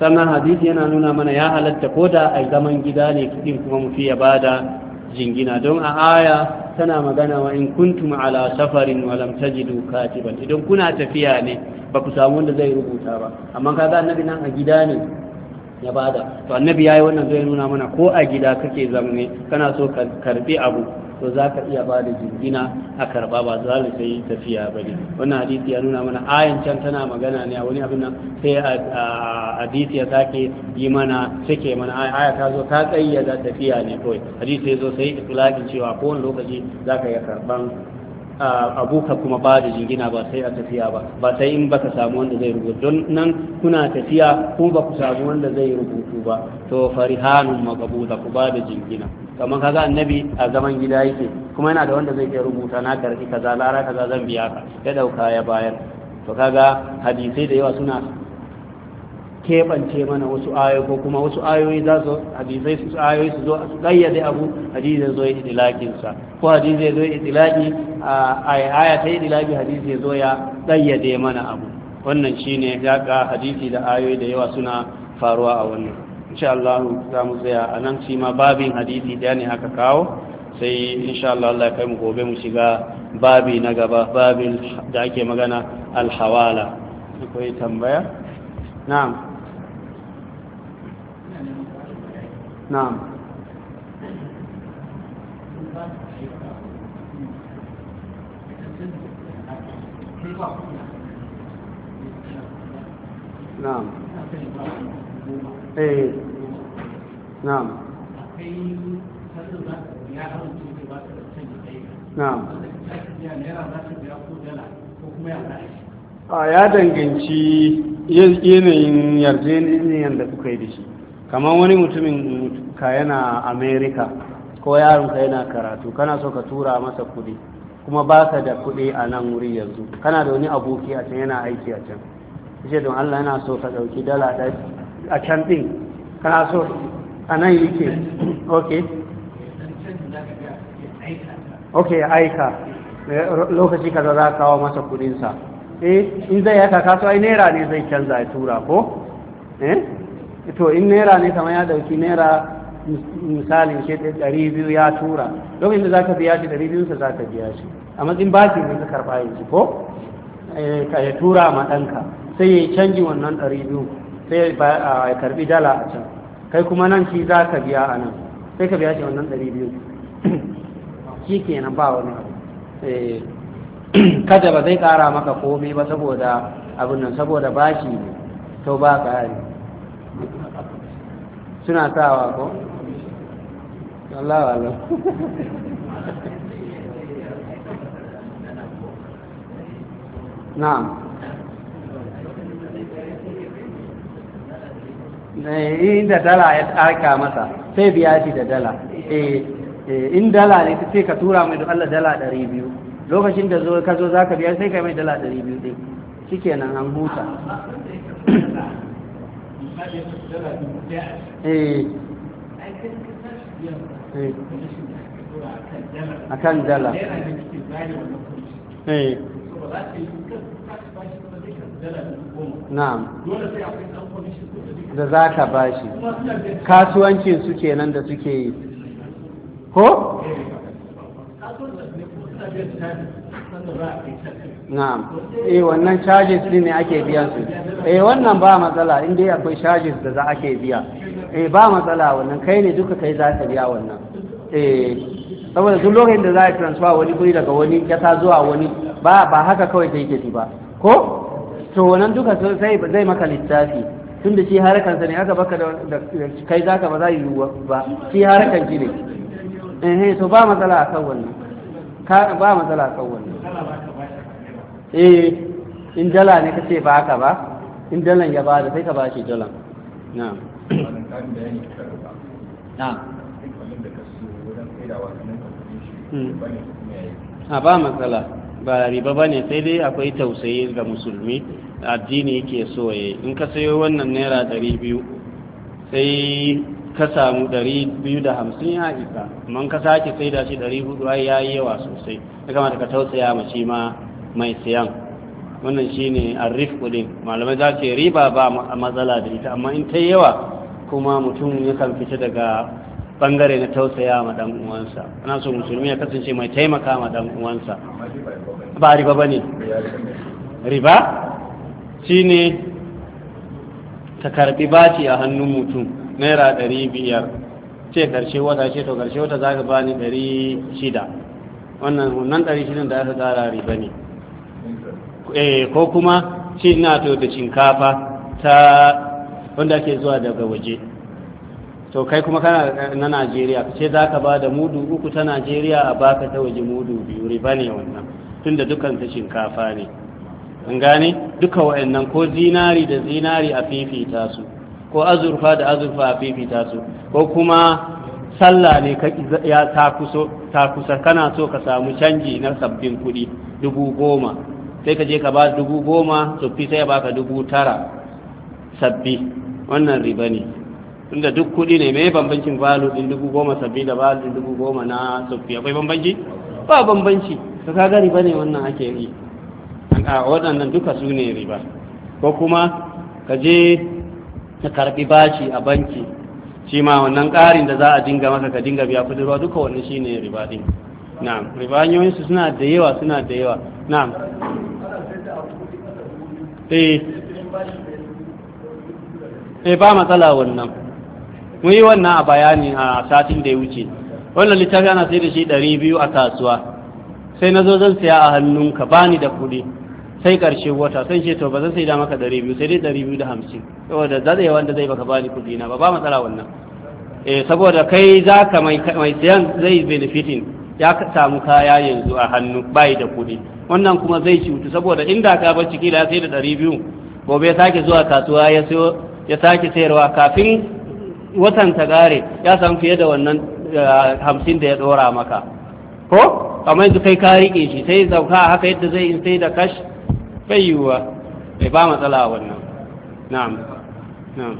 sannan hadisi yana nuna mana ya halatta ko da a zaman gida ne kuɗin kuma mufi ya bada jingina don a aya tana magana wa in kuntum ala safarin wa lam tajidu katiban idan kuna tafiya ne ba ku samu wanda zai rubuta ba amma kaga annabi nan a gida ne ya bada to annabi yayi wannan zai nuna mana ko a gida kake zamne kana so ka karbi abu to za iya ba da jingina a karba ba za ka sai tafiya ba ne wannan hadisi ya nuna mana ayan can tana magana ne a wani abin nan sai hadisi ya sake yi mana sake mana aya ta zo ta tsayyada tafiya ne kawai hadisi ya zo sai itlaqin cewa kowane lokaci za ka iya karban abuka kuma ba da jingina ba sai a tafiya ba ba sai in baka samu wanda zai rubutu don nan kuna tafiya ko ba ku samu wanda zai rubutu ba to farihanun da ku ba da jingina kamar kaga annabi a zaman gida yake kuma yana da wanda zai iya rubuta na karfi kaza lara kaza zan biya ka ya dauka ya bayar to kaga hadisai da yawa suna kebance mana wasu ayoyi ko kuma wasu ayoyi za su hadisai su ayoyi su zo su kayyade abu hadisi zai zo ya sa ko hadisi zai zo ya itilaki a aya ta itilaki hadisi zai zo ya kayyade mana abu wannan shine ya ga hadisi da ayoyi da yawa suna faruwa a wannan insha Allah za mu tsaya a nan shi ma babin hadisi da ne aka kawo sai insha Allah Allah ya kai mu gobe mu shiga babi na gaba babin da ake magana alhawala akwai tambaya na'am na'am a ya danganci yanayin yarjejeniyar da suka yi da shi kamar wani mutumin ka yana amerika ko yaronka yana karatu kana so ka tura masa kuɗi kuma ba ka da kuɗi a nan wuri yanzu kana da wani aboki a can yana aiki a can ce don allah yana so ka ɗauki dala a can ɗin kana so a nan yake ok ok aika lokaci kaza za kawo masa kuɗinsa eh in zai yaka kaso ai naira ne zai canza ya tura ko eh to in naira ne kamar ya dauki naira misalin shi ɗari biyu ya tura lokacin da za ka biya shi ɗari biyu sa za ka biya shi a matsayin baki ne ka karɓa yanzu ko eh, ka ya tura ma ɗanka sai ya yi canji wannan ɗari biyu sai ya karɓi dala a can kai kuma nan shi za ka biya a nan sai ka biya shi wannan ɗari biyu shi kenan ba wani eh, kada ba zai ƙara maka komai ba saboda abin nan saboda bashi ne to ba ƙari suna sawa ko Allah na'am na'am eh, inda dala ya tsarka masa sai biya shi da dala eh, eh, in dala ne sai ka tura mai da Allah dala ɗari biyu lokacin da zo ka zo za ka biya sai ka mai dala ɗari biyu ɗin kenan an huta Eh. Akan dala eh. da za ka bashi kasuwancin su nan da suke yi ko? Eh. na'am eh wannan charges din ne ake biya su eh wannan ba matsala in dai akwai charges da za ake biya eh ba matsala wannan kai ne duka kai za ka biya wannan eh saboda duk lokacin da za a transfer wani kuɗi daga wani kasa zuwa wani ba ba haka kawai kai ke ba ko to wannan duka sai zai maka littafi tun da shi harakansa ne aka baka da kai za ka ba za yi ba shi harakan ki ne eh, eh to ba matsala akan wannan ka ba matsala kan wannan eh in dala ne kace ba ka ba in dalan ya ba da sai ka ba shi dalan na'am na'am hmm. a ba matsala ba riba ba ne sai dai akwai tausayi ga musulmi addini yake so ya in ka sayo wannan naira biyu sai ka samu 250 ya isa amma ka sake sai da shi 400 ai yayi yawa sosai ya kamata ka tausaya ma shi ma mai siyan wannan shine arif din malamai za riba ba matsala da ita amma in ta yawa kuma mutum ya kan fita daga bangare na tausaya ma dan uwansa ana so musulmi ya kasance mai taimaka ma dan uwansa ba riba bane riba shine ta karbi baci a hannun mutum naira ɗari biyar ce ƙarshe wata ce to ƙarshe wata za ka bani ɗari shida wannan hunan ɗari shidan da aka tsara riba ne eh, ko kuma ce na to da shinkafa ta wanda ake zuwa daga waje to kai kuma kana na najeriya ce za ka ba da mudu uku ta najeriya a baka ta waje mudu biyu riba ne wannan tunda dukkan ta shinkafa ne an gane duka wa'annan ko zinari da zinari a fifita su ko azurfa da azurfa a fifita su ko kuma sallah ne ya ta kusa kana so ka samu canji na sabbin kudi dubu goma sai ka je ka ba dubu goma tsoffi sai ya baka dubu tara sabbi wannan riba ne inda duk kuɗi ne mai bambancin balu din dubu goma sabbi da balu din dubu goma na tsoffi akwai bambanci ba bambanci ka kaga riba ne wannan ake yi a waɗannan duka su ne riba ko kuma ka je ka karbi bashi a banki shi ma wannan ƙarin da za a dinga maka ka dinga biya kudin ruwa duka wannan shine riba din na'am riba hanyoyin su suna da yawa suna da yawa na'am eh eh ba matsala wannan mun yi wannan a bayani a satin da ya wuce wannan littafi ana sai da shi ɗari biyu a kasuwa sai na zo zan siya a hannunka ba ni da kuɗi sai ƙarshe wata sai ce to ba zan sai da maka ɗari biyu sai dai ɗari biyu da zai wanda zai baka bani kuɗi na ba ba matsala wannan eh saboda kai za ka mai siyan zai benefitin ya samu kaya yanzu a hannu bai da kuɗi wannan kuma zai cutu saboda inda ka bar ciki da sai da ɗari biyu gobe ya sake zuwa kasuwa ya sayo ya sake sayarwa kafin watan ta gare ya san fiye da wannan eh, hamsin da ya ɗora maka ko amma yanzu kai ka rike shi sai zauka haka yadda zai in sai da kash bai yiwuwa bai ba matsala a wannan na'am na'am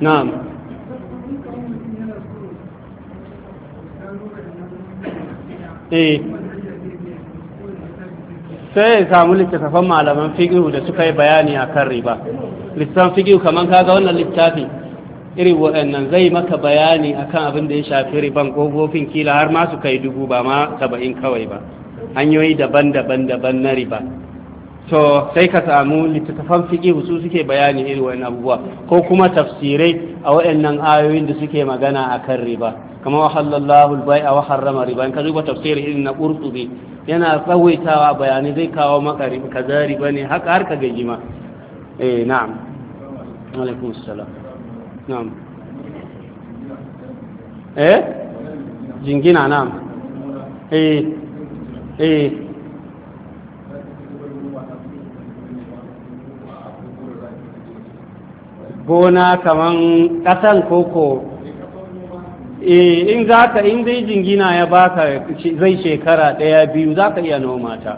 na'am eh sai ya samu littattafan malaman fiƙihu da suka yi bayani a kan riba littattafan fiƙihu kamar kaga wannan littafin. irin waɗannan zai maka bayani akan abin da ya shafi riban ƙofofin kila har ma su kai dubu ba ma saba'in kawai ba hanyoyi daban-daban daban na riba to sai ka samu littattafan fiƙi su suke bayani irin wani abubuwa ko kuma tafsirai a waɗannan ayoyin da suke magana a kan riba kamar wahallallahu bai a waharrama riba in ka duba tafsirin irin na ƙurtubi yana tsawaitawa bayanai zai kawo maka riba kaza riba ne haka har ka gaji ma eh na'am alaikum salam Eh? jingina na'am eh, eh. gona kaman ƙasan koko in zaka in dai jingina ya baka zai shekara ɗaya biyu zaka iya noma ta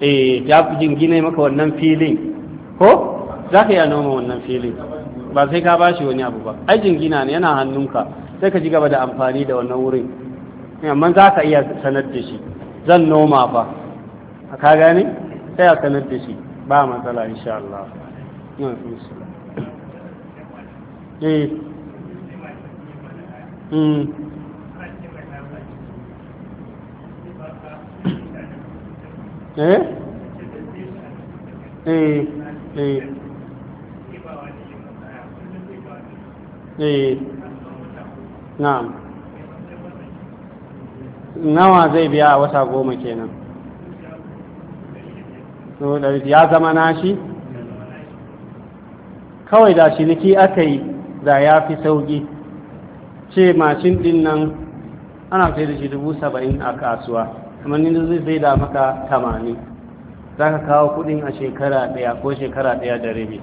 eh ya jingina maka wannan filin ko zaka iya noma wannan filin ba sai ka bashi wani abu ba ai jingina ne yana hannunka sai ka ji gaba da amfani da wannan wurin amma za ka iya sanar da shi zan noma fa ka gane sai a sanar da shi ba matsala insha Allah eh. Hmm. eh eh eh Eh, nawa zai biya a wata goma kenan ya zama nashi kawai da ciniki aka yi da ya fi sauki ce mashin din nan ana sai da shi dubu saba'in a kasuwa kamar nini zai da maka tamani za ka kawo kudin a shekara daya ko shekara daya da rabi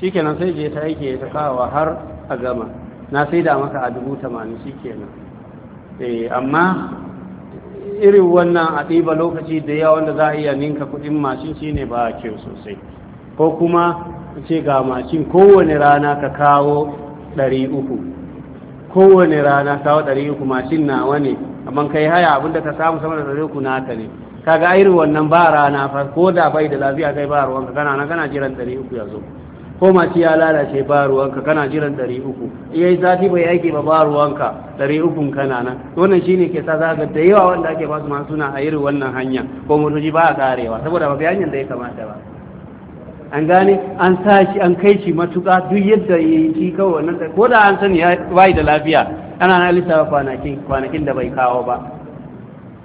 shi kenan sai je ta aiki ya ta kawo har a gama na sai da maka a dubu tamanin shi kenan eh, amma irin wannan a ɗiba lokaci da yawa wanda za a iya ninka kuɗin mashin shi ne ba a ke sosai ko kuma ce ga mashin kowane rana ka kawo ɗari uku kowane rana kawo ɗari uku mashin na wani amma ka yi haya abinda ka samu sama da ɗari uku naka ne kaga irin wannan ba rana fa ko da bai da lafiya kai ba ruwanka kana na kana jiran ɗari uku ya zo ko mace ya lalace ba ruwanka kana jiran ɗari uku yayi zafi bai aiki ba ba ruwanka ɗari ukun kana nan wannan shine ke sa za ga da yawa wanda ake ba su masu suna a irin wannan hanya ko motoci ba a karewa saboda ba hanyar da ya kamata ba an gane an sa shi an kai shi matuƙa duk yadda ya yi shi kawai wannan ko da an sani ya bayi da lafiya ana na lissafa kwanakin kwanakin da bai kawo ba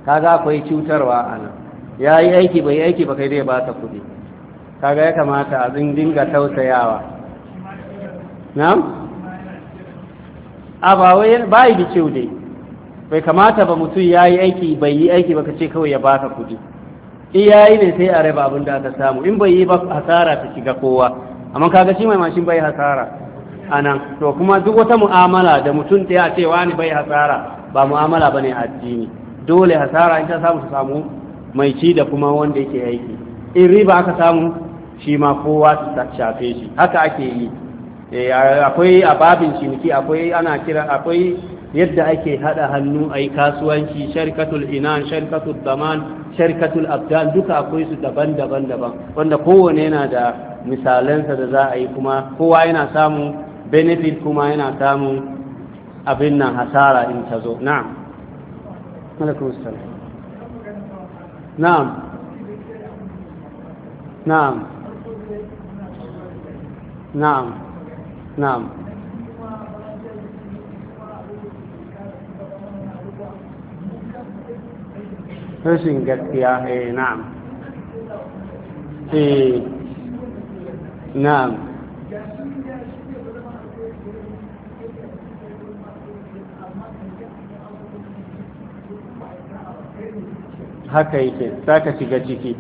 kaga akwai cutarwa a nan ya yi aiki bai aiki ba kai zai ba ta kuɗi kaga ya kamata a dinga tausayawa na'am a ba wai bai da dai bai kamata ba mutum ya yi aiki bai yi aiki ba ka ce kawai ya baka kuɗi in ya yi ne sai a raba abin da aka samu in bai yi ba hasara ta shiga kowa amma kaga shi mai mashin bai hasara a nan to kuma duk wata mu'amala da mutum ɗaya ce wani bai hasara ba mu'amala ba ne addini dole hasara in ta samu su samu mai ci da kuma wanda yake aiki in riba aka samu shi ma kowa su shafe shi haka ake yi eh, akwai a babin ciniki akwai ana kira akwai yadda ake hada hannu a yi kasuwanci sharkatul inan sharkatul zaman sharkatul abdal duka akwai su daban-daban daban wanda kowane yana da misalansa da za a yi kuma kowa yana samun benefit kuma yana samun abin nan hasara in ta zo na'am na'am na'am na'am rashin haka yake za ka shiga ciki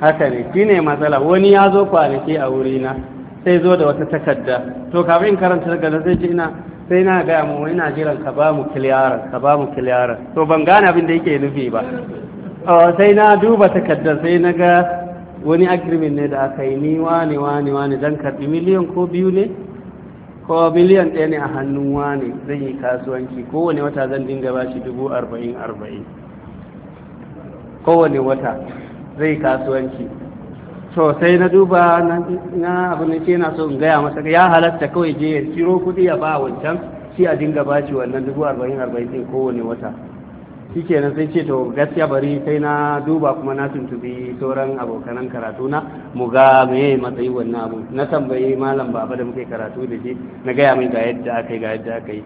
haka ne shi ne matsala wani ya zo kwanaki a wurina sai zo da wata takarda to kafin karanta da zai ji ina sai na gaya mu wani jiran ka ba mu kiliyarar ka ba mu kiliyarar to ban gane abin da yake nufi ba oh, sai na duba takarda sai na ga wani agreement ne da aka yi ni wani wani wani dan karbi miliyan ko biyu ne ko miliyan ɗaya ne a hannun wani zan yi kasuwanci kowane wata zan dinga ba shi dubu arba'in arba'in kowane wata zai kasuwanci to sai na duba na abin da ke na so in gaya masa ya halatta kawai je ya ciro kudi ya ba wancan shi a dinga ba shi wannan dubu arba'in arba'in ɗin kowane wata shi kenan sai ce to gaskiya bari sai na duba kuma na tuntubi sauran abokanan karatu na mu ga meye matsayi wannan abu na tambayi malam baba da muke karatu da shi na gaya mai ga yadda aka yi ga yadda aka yi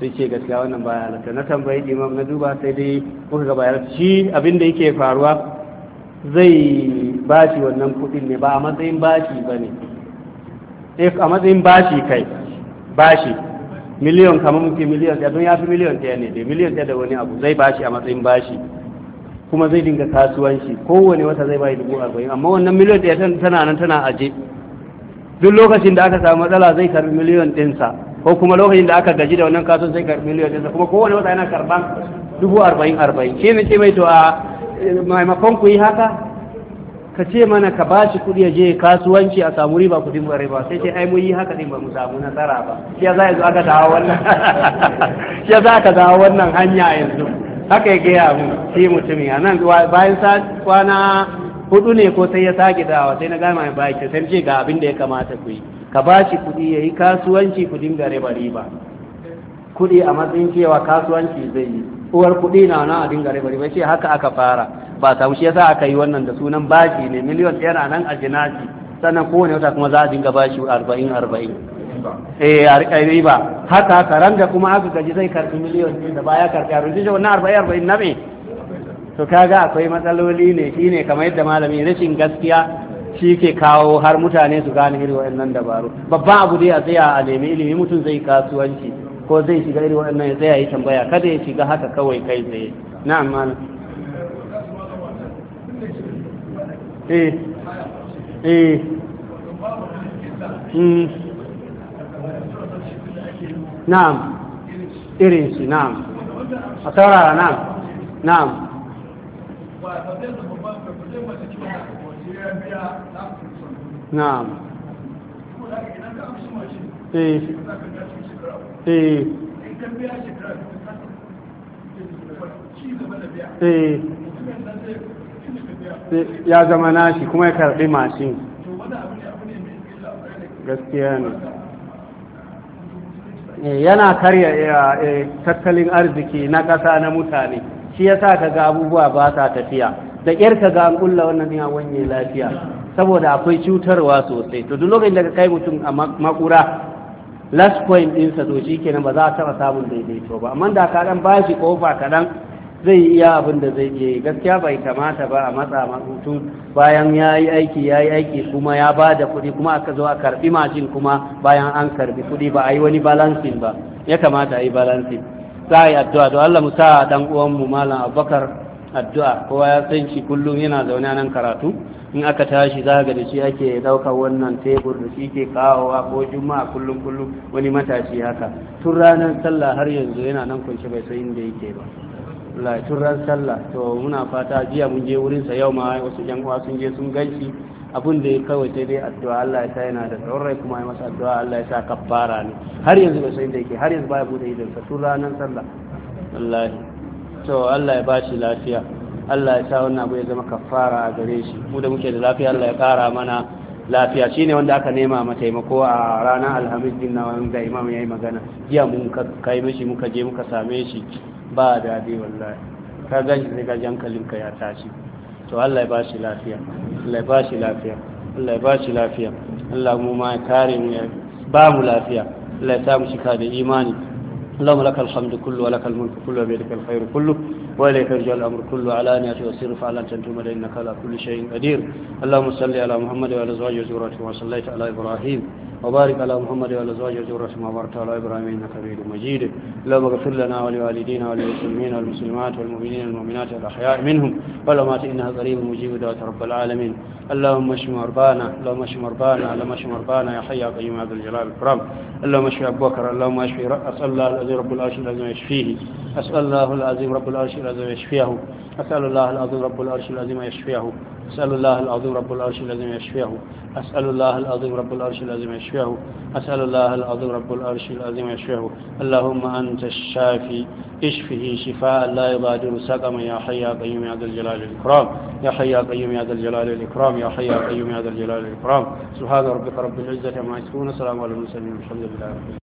sai ce gaskiya wannan baya halatta na tambayi imam na duba sai dai kuka ga bayar shi abin da yake faruwa zai bashi wannan kudin ne ba a matsayin bashi ba ne eh, a matsayin bashi kai bashi miliyon kamar muke miliyon ɗaya don ya fi miliyon ɗaya ne da miliyon ɗaya da wani abu zai bashi a matsayin bashi kuma zai dinga kasuwanci kowane wata zai bayi dubu arba'in amma wannan miliyon ɗaya tana nan tana aje duk lokacin da aka samu matsala zai karbi miliyon ɗinsa ko kuma lokacin da aka gaji da wannan kasuwan zai karbi miliyon ɗinsa kuma kowane wata yana karban dubu arba'in arba'in shi ne ce mai to a maimakon ku yi haka ka ce mana ka ba shi kudi je kasuwanci a samu riba kudin bare ba sai ce ai mu yi haka din ba mu samu nasara ba shi ya za yanzu aka dawo wannan shi ya za ka dawo wannan hanya yanzu haka ya gaya mu shi mutumin a nan bayan kwana hudu ne ko sai ya sake dawa sai na gama mai baki sai ce ga abin da ya kamata ku yi ka ba shi kudi ya yi kasuwanci kudin gare ba riba kudi a matsayin cewa kasuwanci zai yi uwar kuɗi na nan a dinga riba riba ce haka aka fara ba ta wuce yasa aka yi wannan da sunan bashi ne miliyon ɗaya na nan a jinasi sannan kowane wata kuma za a dinga bashi arba'in arba'in eh a riƙa riba haka haka ran da kuma aka gaji zai karɓi miliyon ɗin da baya karɓi a rundunar wannan arba'in arba'in na me to kaga akwai matsaloli ne shine kamar yadda malami rashin gaskiya shi ke kawo har mutane su gane irin nan dabaru babban abu dai a tsaya a nemi ilimi mutum zai kasuwanci ko zai shiga irin wannan ya tsaya yi tambaya kada ya shiga haka kawai kai tsaye na'am malam eh eh mm na'am irin shi na'am a saurara na'am na'am na'am eh Eh. Eh. ya zama nashi kuma ya karɓi mashin gaskiya ne eh, yana karya tattalin arziki na ƙasa na mutane shi ya sa ka ga abubuwa ba sa tafiya da ƙyar ka ga an ƙulla wannan ya wanye lafiya saboda akwai cutarwa sosai to duk lokacin da ka kai mutum a makura last point ɗinsa to shi kenan ba za a taɓa samun daidaito ba amma da ka ɗan bashi ƙofa kaɗan zai iya abin da zai iya yi gaskiya bai kamata ba a matsa mutum bayan ya yi aiki ya yi aiki kuma ya ba da kuɗi kuma aka zo a karɓi mashin kuma bayan an karɓi kuɗi ba a yi wani balansin ba ya kamata a yi balansin za a yi addu'a to Allah mu sa uwan mu malam Abubakar addu'a kowa ya san shi kullum yana zaune nan karatu in aka tashi za ga da shi ake ɗaukar wannan tebur da shi ke kawowa ko juma'a kullum kullum wani matashi haka tun ranar sallah har yanzu yana nan kunshi bai san da yake ba wallahi tun ran sallah to muna fata jiya mun je wurin sa yau ma wasu yan uwa sun je sun ganshi abin da ya kawai sai dai addu'a Allah ya sa yana da tsawon rai kuma ya masa addu'a Allah ya sa kafara ne har yanzu bai sayin da yake har yanzu ba ya bude idan tun ranar sallah wallahi to Allah ya bashi lafiya Allah ya sa wannan abu ya zama kafara a gare shi mu da muke da lafiya Allah ya kara mana lafiya shine wanda aka nema ma taimako a ranar alhamis din na wanda imam ya yi magana jiya mun kai mishi muka je muka same shi ba daɗi wallahi ka gan shi jankalin ka ya tashi to Allah ya bashi lafiya Allah ya bashi lafiya Allah ya bashi lafiya Allah mu ma ya kare mu ya ba mu lafiya Allah ya sa mu shika da imani اللهم لك الحمد كله ولك الملك كله وبيدك الخير كله وإليك يرجع الأمر كله على يأتي وسير فعلا تنتم إنك على كل شيء قدير اللهم صل على محمد وعلى أزواج وذريته وصليت على إبراهيم وبارك على محمد وعلى أزواج وذريته وبارك على إبراهيم إنك حميد مجيد اللهم اغفر لنا ولوالدينا وللمسلمين والمسلمات والمؤمنين والمؤمنات الأحياء منهم آت إنها قريب مجيب دعوة رب العالمين اللهم اشف مرضانا اللهم اشف مرضانا اللهم اشف مرضانا يا حي يا قيوم هذا الجلال الكرام اللهم اشف أبو بكر اللهم اشف أسأل الله العظيم رب العرش العظيم يشفيه أسأل الله العظيم رب العرش العظيم يشفيه أسأل الله العظيم رب العرش العظيم يشفيه أسأل الله العظيم رب العرش العظيم يشفيه أسأل الله العظيم رب العرش العظيم يشفيه أسأل الله العظيم رب العرش العظيم يشفيه اللهم أنت الشافي اشفه شفاء لا يغادر سقما يا حي يا قيوم يا ذا الجلال والإكرام يا حي يا قيوم يا ذا الجلال والإكرام يا حي يا قيوم يا ذا الجلال والإكرام سبحان ربك رب العزة عما يصفون سلام على المرسلين والحمد لله رب العالمين